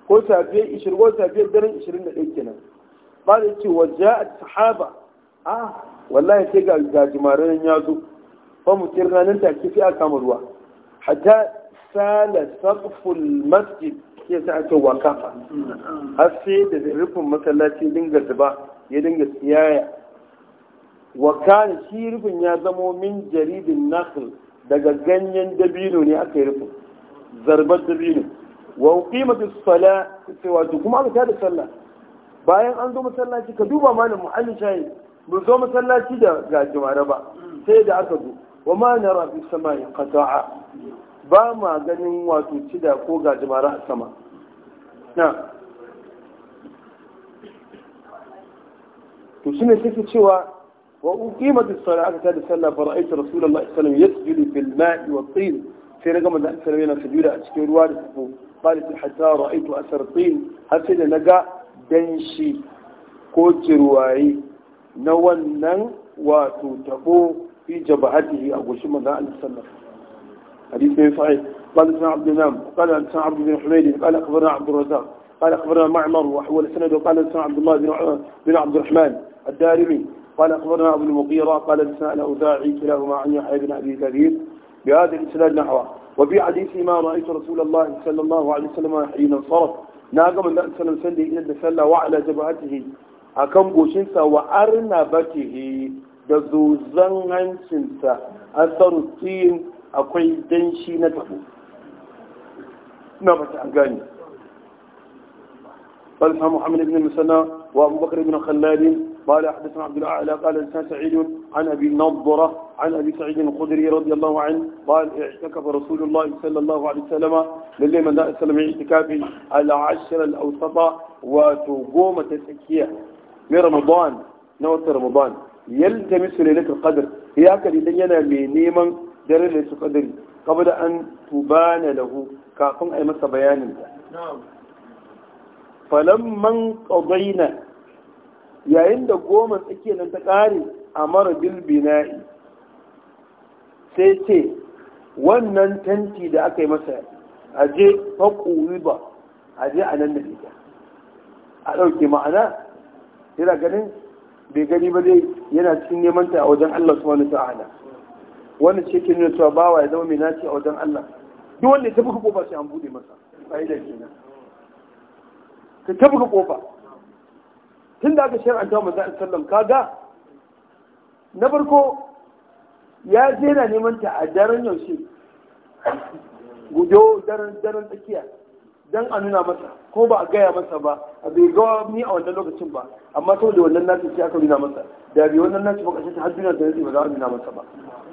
Speaker 1: ko safiya 20 ko safiya daren 21 kenan ba da ce wa ja'at sahaba ah wallahi sai ga gajimare nan ya zo fa mu kirna nan take sai kama ruwa hatta sala saqful masjid sai sai aka wakafa har sai da rufin masallaci dinga zuba ya dinga tsiyaya wa shi rufin ya zamo min jaridin nakhl daga ganyen dabino ne aka yi kuma aka sallah bayan an zo masallaci ka duba na mu'allim shayi mu zo masallaci da ga jama'a ba sai da aka zo wa ma sama bi sama'i qata'a ba ma ganin wato cida ko gajimare a sama na to shine take cewa wa uqimat as tsara aka tada sallah fa ra'aytu rasulullahi sallallahu alaihi wasallam yasjudu ma'i wa tin sai naga manzo sallallahu yana sujuda a cikin ruwa da tabo qalat hatta ra'aytu asar tin har sai da naga danshi ko kirwaye na wannan wato tabo في جبهته أبو شمع ذا عليه السلام حديث بن صحيح قال سنا عبد النام قال سنا عبد بن حميد قال أخبرنا عبد الرزاق قال أخبرنا معمر وحول سنده قال سنا عبد الله بن عبد الرحمن الدارمي قال أخبرنا أبو المغيرة قال سنا الأوزاعي كلاهما عن يحيى بن أبي كثير بهذا الإسناد نحوه وفي حديث ما رأيت رسول الله صلى الله عليه وسلم حين انصرف ناقم النبي صلى الله عليه وسلم إلى وعلى جبهته أكم قوشنسا وأرنبته da zozon hancinsa asaru tin akwai danshi na tabo na ba ta gani قال محمد بن مسنى وابو بكر بن خلاد قال حدثنا عبد الاعلى قال انسان سعيد عن ابي النضره عن ابي سعيد الخدري رضي الله عنه قال اعتكف رسول الله صلى الله عليه وسلم للي من دائما اعتكاف العشر الاوسطى وتقوم تسكيه من رمضان نوت رمضان ne nufin kadar ya kari dan yana mai neman su lailatul qadr da an tubana lahu kafin a yi masa bayanin ta falamman yayin da goma tsakiyar nan ta kare a mara bilbina'i sai ce wannan tanti da aka yi masa aje je ba aje a nan da ita a ɗauke ma'ana yana ganin bai gani ba zai yana cikin neman ta a wajen Allah wani ta'ala wani ce ke nuna bawa ya zama mai naci a wajen Allah duk wanda ya tabbaka kofa sai an bude masa fa'ida kenan ka tabbaka kofa tun da aka an tawo maza'in sallam kaga na farko ya je na neman ta a daren yaushe gudo daren daren tsakiya dan a nuna masa ko ba a gaya masa ba a bai ga ni a wannan lokacin ba amma to da wannan nasu sai aka nuna masa da bai wannan nasu ba kashe har duniya da yake ba za a nuna masa ba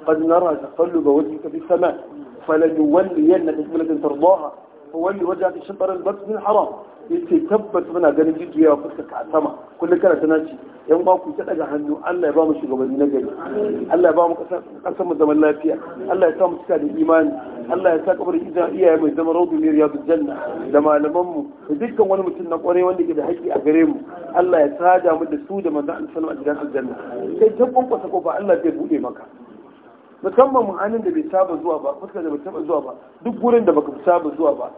Speaker 1: qad nara taqalluba wajhika fi sama falanwalliyannaka qiblatan tardaha فولي وجهك شطر البيت من haram yace tabbas muna ganin jijiyawa kusa ka sama kullum kana tana ci yan ba ku daga hannu Allah ya ba mu shugabanni na gari Allah ya ba mu kasar mu zaman lafiya Allah ya sa mu cika da imani Allah ya sa kabar iyaye mai zama rawdu mai riyadu janna da malaman mu da dukkan wani mutum na kware wanda ke da haƙƙi a gare mu Allah ya sada mu da su da manzon Allah sallallahu alaihi wasallam a gidan sai tabban kwasa ko ba Allah zai bude maka musamman mu anan da bai saba zuwa ba fuskar da bai saba zuwa ba duk gurin da baka saba zuwa ba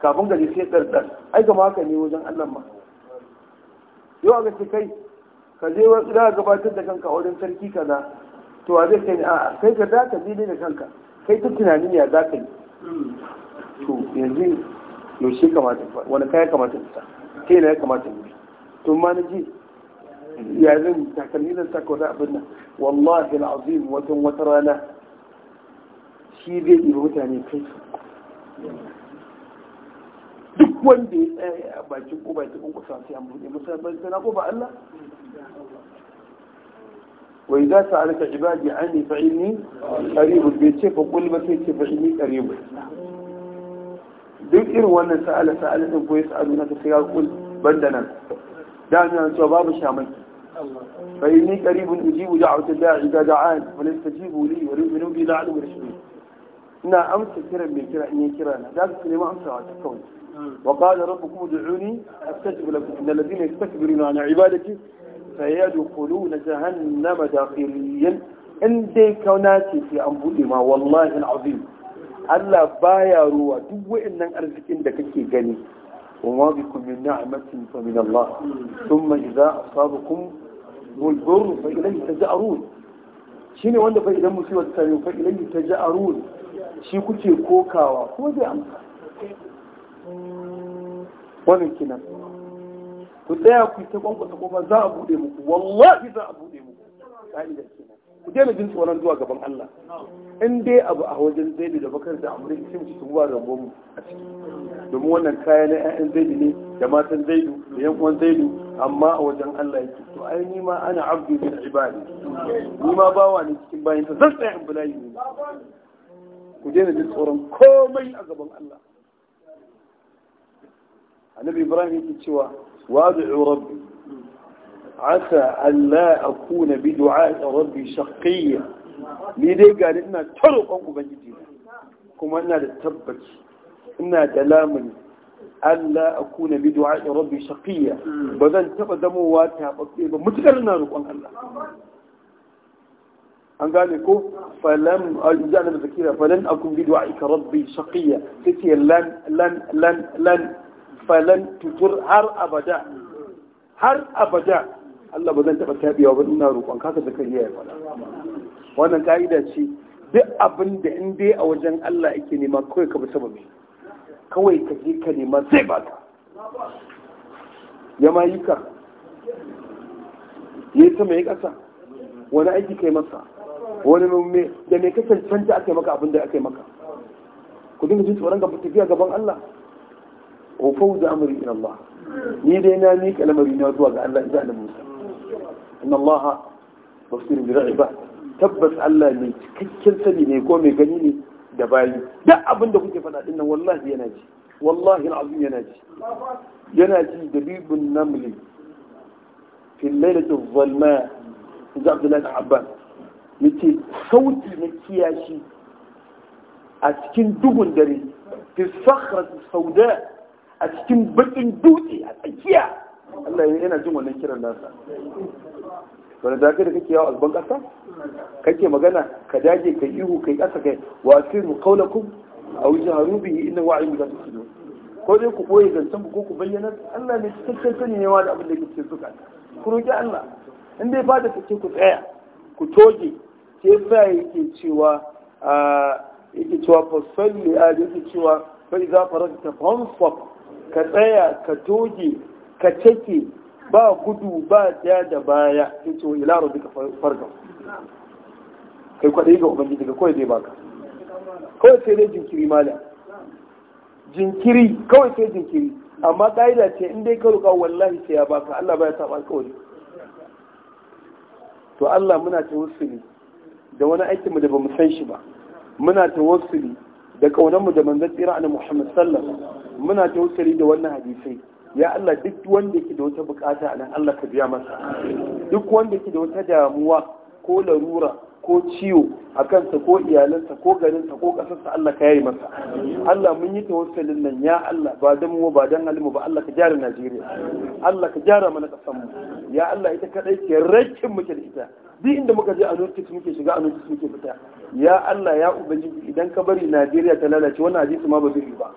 Speaker 1: kafin gari sai ɗarɗar ai kama haka ne wajen Allah ma yau a ce kai ka je za a gabatar da kanka wajen sarki kaza to a zai kai a a'a kai ka za ka je ne da kanka kai ta tunani ya za ka yi to yanzu yaushe kamata wani kaya kamata ta sa kai na ya kamata ne to ma na ji ya zan takalmi zan saka wani abin nan wallahi al'azim watan wata rana shi zai ɗiba mutane kai duk wanda ya tsaye a bakin koba ya taɓin kusa sai an buɗe masa ban sana ko ba Allah wa idza sa'alaka ibadi anni fa inni qarib bai ce fa qul ba sai ce fa inni qarib duk irin wannan sa'ala sa'ala din ko yas'alu na sai ya qul banda nan da nan to babu shamaki fa inni qaribun ujibu da'wata da'i idza da'an wa lastajibu li wa yu'minu bi la'alu wa ina amsa kiran mai kira in ya kira na za ka nema amsa wa ta kawai wa qala rabbukum ud'uni astajib lakum innal ladhina yastakbiruna an ibadati sayadkhuluna jahannama dakhirin in dai kauna ce sai an bude ma wallahi alazim Allah baya ruwa duk wa'annan arzikin da kake gani وما بكم من نعمة فمن الله ثم إذا أصابكم والبر فإليه تجأرون shi ne wanda fa idan musibar ta yi fa ilayhi taj'arun shi kuke kokawa ko zai amsa wannan kenan ku tsaya ku ta kwankwasa kofa za a bude muku wallahi za a bude muku ka'idar kenan ku daina jin tsoron zuwa gaban Allah in dai abu a wajen zaidu da bakar da amurai sai mu tuba da mu a ciki domin wannan kaya na 'ya'yan zaidu ne da matan zaidu da yan uwan zaidu amma a wajen Allah yake to ai ni ma ana abdu min ibadi ni ma bawa ne cikin bayin ta, zan tsaya in bulayi ne ku daina jin tsoron komai a gaban Allah النبي إبراهيم سوى وادعو ربي عسى أن لا أكون بدعاء ربي شقيا لذي قال إنا ترقم بنجدنا كما إنا للتبت إنا دلامني أن لا أكون بدعاء ربي شقيا بذن تقدموا واتها بطيبة متقلنا رقم الله أن قال لكم فلم aljanna zakira فلن أكون بدعائك ربي rabbi shaqiya لن لن لن لن, falan tutur har abada har abada Allah ba zan taɓa tabiwa ba ina roƙon kasa da kariya ya faɗa wannan ka'ida ce duk abin da in dai a wajen Allah yake nema kawai ka bi mai kawai ka je ka nema zai ba ka yama yi ka ya yi ta ya ƙasa wani aiki kai masa wani mai da mai kasance aka yi maka abin da aka yi maka ku dinga jin tsoron gaba tafiya gaban Allah wa fawzu amri ila Allah ni dai na miƙa lamari na zuwa ga Allah idan Musa inna Allah basirun bi ra'iba tabbas Allah mai cikakken sani ne ko mai gani ne da bayi duk abin da kuke faɗa dinnan wallahi yana ji wallahi alazim yana ji yana ji dabibun namli fi lailati zalma da Abdullahi Abbas yace sauti na kiyashi a cikin duhun dare fi sakhrati sauda a cikin bakin dutse a tsakiya Allah ya yana jin wannan kiran nasa wani da kai da kake yawo alban kasa kake magana ka dage ka ihu kai kasa kai wa sirru qaulakum aw jaharu bihi inna wa'idu su tusidu ko dai ku boye zancen ko ku bayyana Allah ne cikakken sani ne da abin da ke cikin suka ku roki Allah in dai ba da kake ku tsaya ku toge sai fa yake cewa ah, yake cewa fasalli a ah, yake cewa fa iza faragta fa ka tsaya ka toge ka cake ba gudu ba daya da baya in ce ila duka farga kai kwadai ga ubangiji daga kawai zai baka kawai sai dai jinkiri mala jinkiri kawai sai jinkiri amma ka'ida ce in dai ka wallahi sai ya baka Allah baya taɓa alƙawari to Allah muna tawassuli da wani aikinmu da bamu san shi ba muna tawassuli da kaunanmu da manzon tsira annabi Muhammad sallallahu muna tausari da wannan hadisai ya Allah duk wanda yake da wata bukata a nan Allah ka biya masa duk wanda yake da wata damuwa ko larura ko ciwo a kansa ko iyalinsa ko garinsa ko ƙasarsa Allah ka yayi masa Allah mun yi tawassalin nan ya Allah ba dan mu ba dan halimu ba Allah ka jara Najeriya Allah ka jara mana ƙasar mu ya Allah ita kadai ke rakin muke da ita duk inda muka je a notis muke shiga a notis muke fita ya Allah ya ubangiji idan ka bari Najeriya ta lalace wannan hadisi ma ba zai yi ba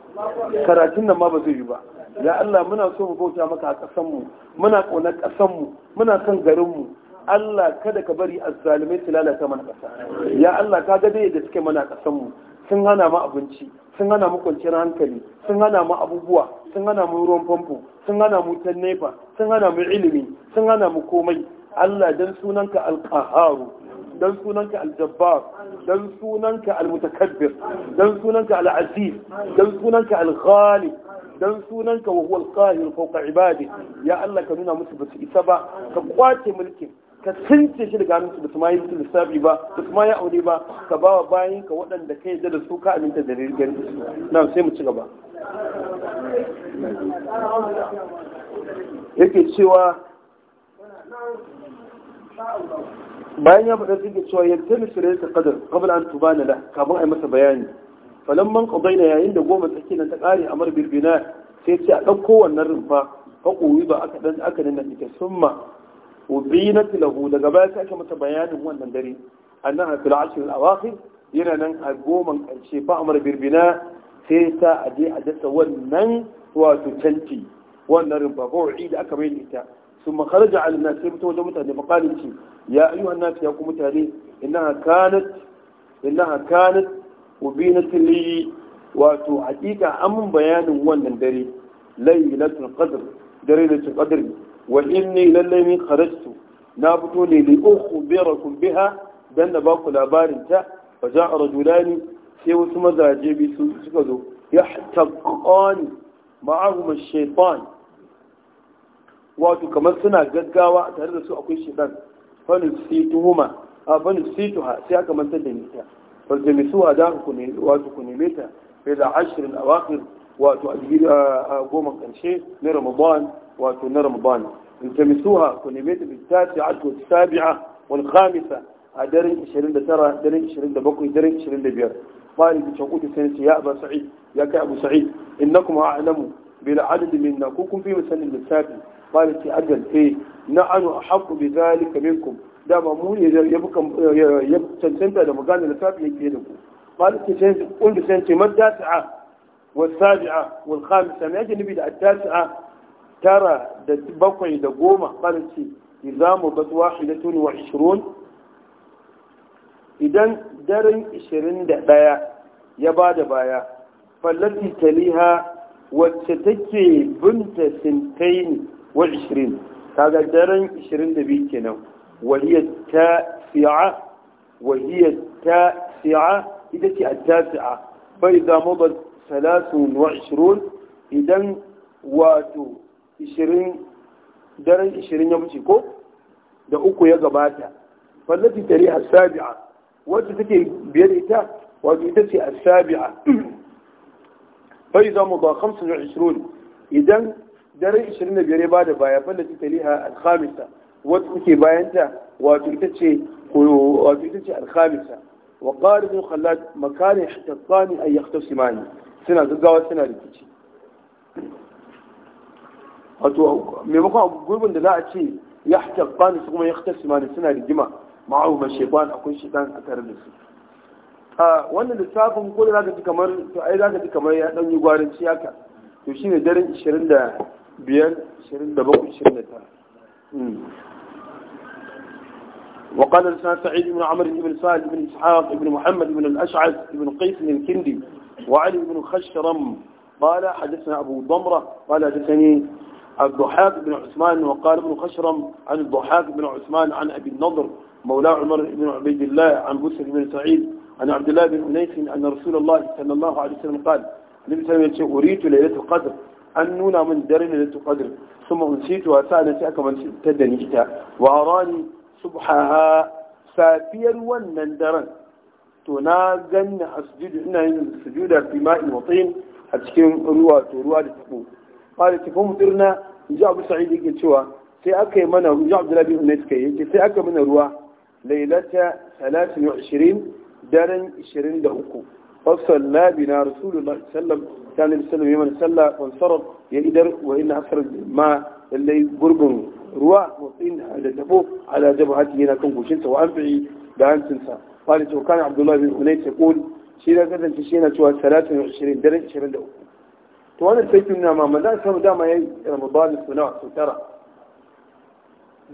Speaker 1: karatun nan ma ba zai yi ba ya Allah muna so mu bauta maka a ƙasar mu muna ƙaunar ƙasar mu muna son garin mu Allah kada ka bari azzalimai su lalata mana ƙasa ya Allah ka ga dai da suke mana ƙasan mu sun hana mu abinci sun hana mu kwanciyar hankali sun hana mu abubuwa sun hana mu ruwan famfo sun hana mu tan nefa sun hana mu ilimi sun hana mu komai Allah dan sunanka alƙaharu, dan sunanka aljabbar dan sunanka almutakabbir dan sunanka alaziz dan sunanka alghalib dan sunanka wa huwa alqahir fawqa ibadi ya Allah ka nuna musu basu isa ba ka kwace mulkin ka tsince shi daga hannunsu su ma yi lissafi ba ba su ma yi aure ba ka ba wa bayan ka waɗanda ka yarda da su ka aminta da rigar na sai mu ci gaba yake cewa bayan ya faɗa cikin cewa yadda da ya ta kadar kabin an tuba na da kafin a yi masa bayani falon man kabaina yayin da goma tsaki nan ta ƙare amar birbina sai ce a ɗauko wannan rumfa haƙoƙi ba aka ɗan aka nan da ita summa وبينت له daga baya sai aka masa bayanin wannan dare annaha fil ashr al awakhir yana nan a goma karshe ba amar birbina sai ta aje a dasa wannan wato canci. wannan rumfa ko da aka mai ita ثم خرج على الناس sai fito wajen mutane faqali ce ya ayyuhan nas ya ku mutane innaha kanat innaha kanat ubinat li wato hakika an mun bayanin wannan dare laylatul qadr dare da qadr wa inni lallai ni kharajtu na fito ne li ukhbirakum biha dan na baku labarin ta fa ja'a rajulani sai wasu mazaje bi su suka zo yahtaqani ma'ahum ash-shaytan wato kamar suna gaggawa tare da su akwai shaytan fa nusituhuma a fa nusituha sai aka manta da ni ta fa jamisuha da ku ne wato ku ne ta fa da ashr al-awakhir wato a goma karshe na ramadan wato na ramadan iltamisuha ku neme ta littafi a to sabi'a wal khamisa a daren 29 daren 27 daren 25 malik bin shaqutu sai ya abu sa'id ya kai abu sa'id innakum a'lamu bil minna ku kun fi ajal eh, bi minkum dama mu ne ya cancanta da magana da ku sai kun da sai والسابعة والخامسة ما يجي نبي التاسعة tara da bakwai da goma ɓarci izamu bat wahidatun wa ishirun idan daren ishirin da ya ba da baya fallafi taliha wacce take binta sintaini wa ishirin kaga daren ishirin da biyu kenan wahiyar ta a bai zama wa ishirin idan wato ishirin daren ishirin ya wuce ko da uku ya gabata wallati tare a sabi'a wacce take biyar ita wato ita ce a sabi'a bai za mu ba 25 idan daren ishirin da biyar ya bada baya wallati tare a alhamisa wacce take bayanta wato ita ce wato ita ce alhamisa wa qari bin khallad makani ihtasani ay yahtasimani suna gaggawa suna rikici wato maimakon gurbin da za a ce ya tabbani su kuma ya tasima da suna rigima ma'ahu mai shekwan akwai shekan a tare da su a wannan lissafin ko da za ka ji kamar to ai za ka ji kamar ya ɗan yi gwarin ciyaka to shi ne daren 25 27 وقال لسان سعيد بن عمر بن سالم بن إسحاق بن محمد بن الأشعث بن قيس الكندي وعلي بن خشرم قال حدثنا أبو ضمرة قال حدثني الضحاك بن عثمان وقال ابن خشرم عن الضحاك بن عثمان عن أبي النضر مولى عمر بن عبيد الله عن بسر بن سعيد عن عبد الله بن أنيس أن رسول الله صلى الله عليه وسلم قال النبي صلى الله عليه وسلم أريد ليلة القدر أن نونا من درين ليلة القدر ثم أنسيت وأسألت أكما تدني وأراني سبحها سافيا ونندرا تناغن أسجد إنه سجود في ماء وطين أتكلم روى روى لتقوم qaali ci fomu dirna yuje abu sacid ike cewa sai aka yi mana yuje abdullahi bin hunayt ka yake sai aka mana ruwa laylata salatin wa ashirin daren ashirin da uku fasal labi na rasulullah sallam ta nabi sallam ya mana sallah wa sarar ya idar wa ina hasar ma lallai gurbin ruwa wa tsin da dabo ala jaba yana kan goshinsa wa amfi da hancinsa qaali ci wa ya kuli shi na kasance shi yana cewa salatin daren ashirin da uku to wannan sai kin ma manzo sai dama yayi ramadan suna su tara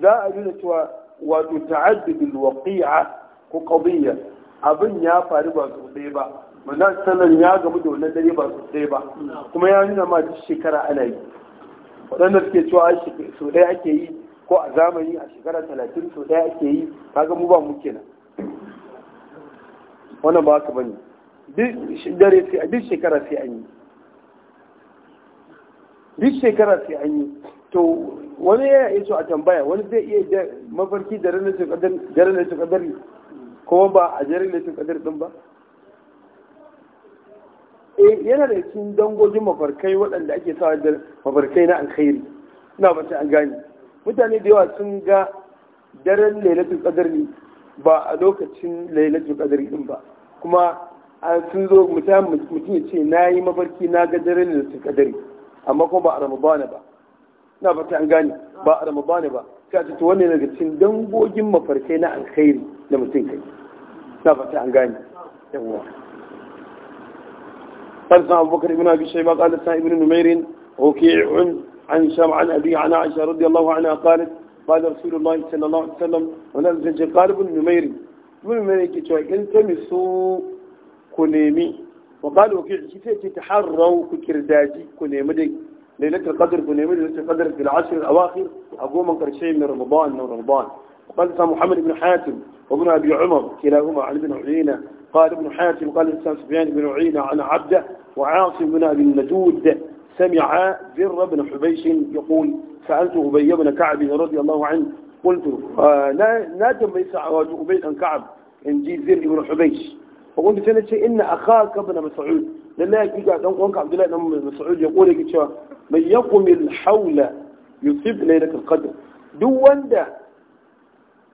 Speaker 1: za a nuna cewa wato ta'addud al-waqi'a ko qadiyya abin ya faru ba su dai ba manzo sallan ya gamu da wannan dare ba su dai ba kuma ya nuna ma duk shekara ana yi waɗanda suke cewa su dai ake yi ko a zamani a shekara talatin su dai ake yi kaga mu ba mu kenan wannan ba haka bane duk dare sai duk shekara sai an yi duk shekara sai an yi to wani ya yi su a tambaya wani zai iya mafarki da ranar da kadari kuma ba a jarin da su din ba eh yana da cikin dangogin mafarkai waɗanda ake sawa da mafarkai na alkhairi ina ba an gane mutane da yawa sun ga daren lailatul qadri ba a lokacin lailatul qadri din ba kuma sun zo mutum ya ce na yi mafarki na ga daren lailatul qadri amma kuma ba a ramadana ba na ba ta an gane ba a ramadana ba ka ce to wannan daga cikin dangogin mafarkai na alkhairi da mutum kai na ba ta an gane yawa قال سمع أبو بكر بن أبي شيبة قال سمع ابن نمير وكيع عن شام عن أبي عن عائشة رضي الله عنها قالت قال رسول الله صلى الله عليه وسلم ونزل قال ابن نمير ابن نمير كتوى إن تمسوا كنيمي وقال وكيع شفيت تحروا كرداجي كنيمدي ليلة القدر كنيمدي ليلة القدر في العشر الأواخر أقوم أنكر شيء من رمضان من رمضان وقال محمد بن حاتم وابن أبي عمر كلاهما عن ابن عيينة قال ابن حاتم قال الإنسان سفيان بن عيينة عن عبده وعاصم بن أبي النجود سمع ذر بن حبيش يقول سألت أبي بن كعب رضي الله عنه قلت آه نادم ليس أبي بن كعب إن جي ذر بن حبيش فقلت سنتي إن أخاك ابن مسعود لله يجيك أن قوانك عبد الله بن مسعود يقول لك من يقوم الحول يصيب ليلة القدر duk wanda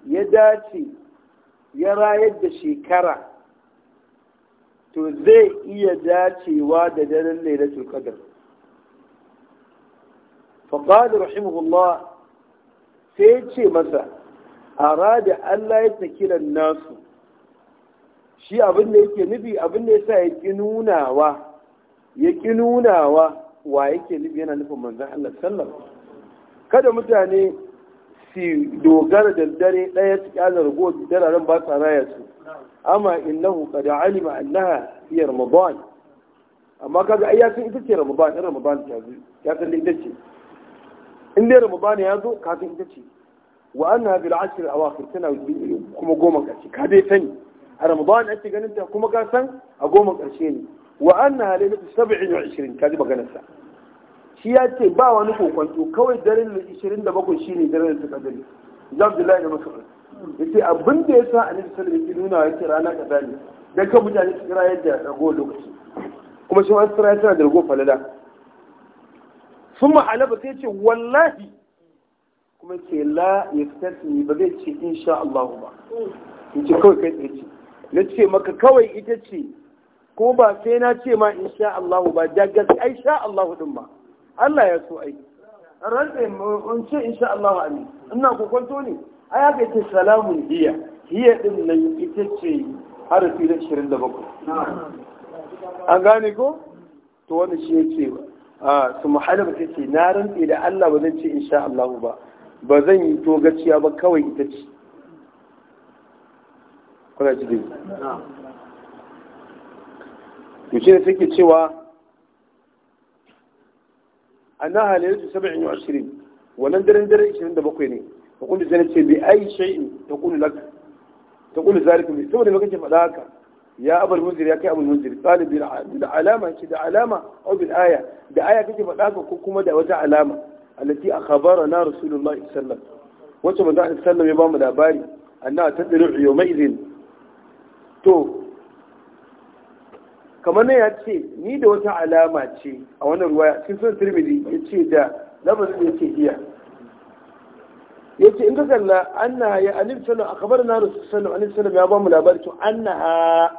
Speaker 1: ya dace ya rayar da shekara to zai iya dacewa da daren lailatul qadr faqad rahimahullah sai ce masa arada Allah ya takira nasu shi abin da yake nufi abin da yasa ya ki nunawa ya ki nunawa wa yake nufi yana nufin manzan Allah Sallar. kada mutane su dogara da dare ɗaya su kyala rago dararen ba sa raya su amma innahu qad alima annaha fi ramadan amma kaga ai ya san ita ce ramadan ɗin ramadan ta zo ya san ita ce in dai ramadan ya zo kafin ita ce wa annaha bil ashr al awakhir tana kuma goma kace ka dai sani a ramadan ake ganin ta kuma ka san a goma ƙarshe ne wa anna lailatu 27 kaji maganar sa shi ya ce ba wani kokonto kawai daren 27 shine daren da dare ta kadari Abdullahi da Ya ce abin da sa a sallallahu alaihi wasallam nuna yake rana kaza ne dan kan mutane su kira yadda ya rago lokaci kuma shi wasu ya tana da rago falala summa alaba sai ce wallahi kuma ke la yastati ba zai ce insha Allah ba yace kawai kai tsaye na ce maka kawai ita ce ko ba sai na ce ma in sha Allahu ba da ai sha Allahu din ba Allah ya so ai rantsa in ce in sha Allahu amin ina kokonto ne ai haka ita salamu hiya hiya din nan ita ce harafi na 27 an gane ko to wannan shi yake ba a su muhalaba ta ce na rantsa da Allah ba zan ce in sha Allahu ba ba zan yi to gaciya ba kawai ita ce kuna ji da to shi da take cewa a na su annaha lailatu 27 wannan daren daren 27 ne fa kullu zan ce bi ai shay'in taqulu ta taqulu zarika mai? saboda me kake faɗa haka ya abar munzir ya kai abul munzir talib da alama ce da alama aw bil aya da aya kake faɗa haka ko kuma da wata alama allati akhbarana rasulullahi sallallahu alaihi wasallam wacce manzo sallallahu alaihi wasallam ya ba mu labari annaha tadru yawma idhin to kamar ya ce ni da wata alama ce a wannan ruwa cikin sun tirmidhi ya ce da labarin ya ce iya ya ce in ka kalla "An na ya alif sanu a kamar na rasu sanu alif sanu ya ba mu labari to na ha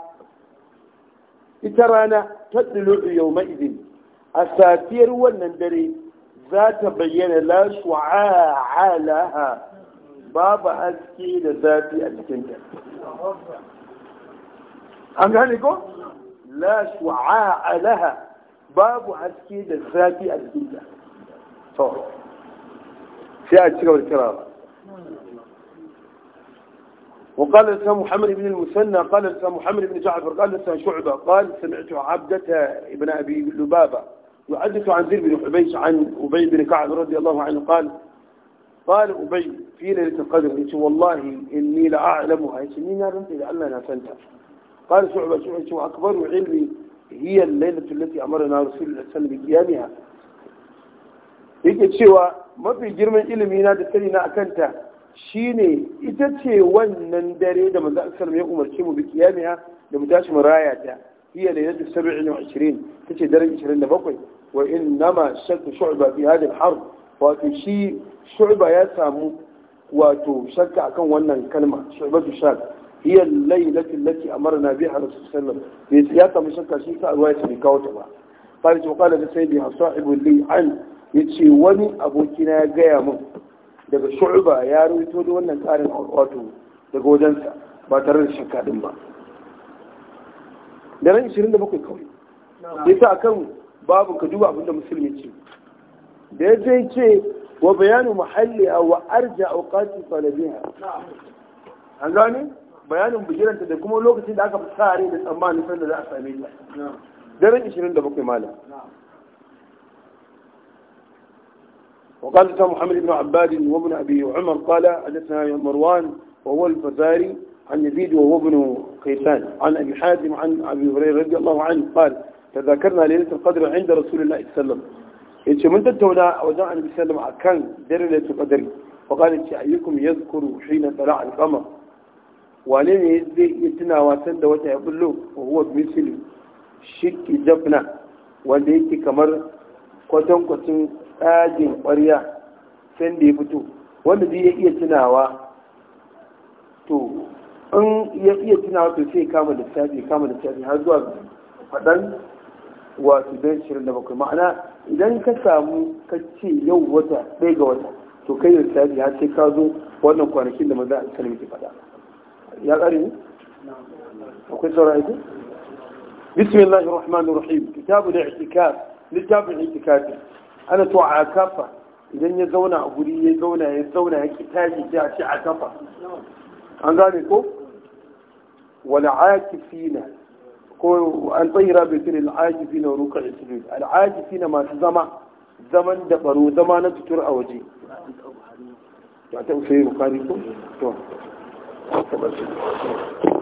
Speaker 1: ita rana ta da yau ma'izin a safiyar wannan dare za ta bayyana la shu'a alaha babu haske da zafi a cikinta عم يقول لا شعاع لها laha babu haske da zafi a cikin وقال لسا محمد بن المثنى قال لسا محمد بن جعفر قال لسا شعبة قال سمعت عبدة ابن أبي لبابة يحدث عن زيد بن حبيش عن أبي بن كعب رضي الله عنه قال قال أبي في ليلة القدر قلت والله إني لأعلمها إني نار لأننا أن قال شعبة شعبة وأكبر علمي هي الليلة التي أمرنا رسول الله صلى الله عليه وسلم yake cewa mafi girman ilimi na da sani na akanta shine ita ce wannan dare da manzo sallam ya umarce mu bi kiyamiya da mu tashi mu raya ta hiya laylatu 27 tace daren 27 wa innama shakka shu'ba fi hadhihi wato shi shu'ba ya samu wato shakka akan wannan kalma shu'batu shak hiya lailatul lati amarna biha rasul sallallahu alaihi wasallam ya samu shakka shi sa ruwaya ta kawo ta ba fari to kala da sayyidi hasabu li an yace wani aboki ya gaya min daga shu'ba ya ruwaito da wannan tsarin wato daga wajensa ba tare da shakka din ba da ran 27
Speaker 2: kawai
Speaker 1: akan babu ka duba abinda musulmi ce ya ce wa bayanu muhalli wa arja auqati falabiha an gane bayanin bigiranta da kuma lokacin da aka fi sa da tsammanin sanda za a same ta daren 27 malam وقال محمد بن عباد وابن أبي عمر قال حدثنا مروان وهو الفزاري عن يزيد وهو ابن قيسان عن أبي حازم عن أبي هريرة رضي الله عنه قال تذكرنا ليلة القدر عند رسول الله صلى الله عليه وسلم إن من تتونا وجاء النبي صلى الله عليه وسلم كان در ليلة القدر وقال إن أيكم يذكر حين طلع القمر wane ne zai iya tunawa san da wata ya a huwa misli shirki jafna wanda yake kamar kwatankwacin tsagin ƙwarya san da ya fito wanda zai iya tunawa to in ya iya tunawa to sai kama lissafi kama lissafi har zuwa faɗan su don shirin da bakwai ma'ana idan ka samu ka ce yau wata ɗaya ga wata to kai lissafi har sai ka zo wannan kwanakin da maza a kalmi ke faɗa ya ƙare ne akwai sauran aiki bismillahir rahmanir rahim kitabu da itikaf littafin itikafi ana to a kafa idan ya zauna a guri ya zauna ya zauna ya kitaji ya ce a kafa an gane ko ko an tsayira bai tuni al'ajifi na ruka da al'ajifi na masu zama zaman da baro zama na tutur a waje kamar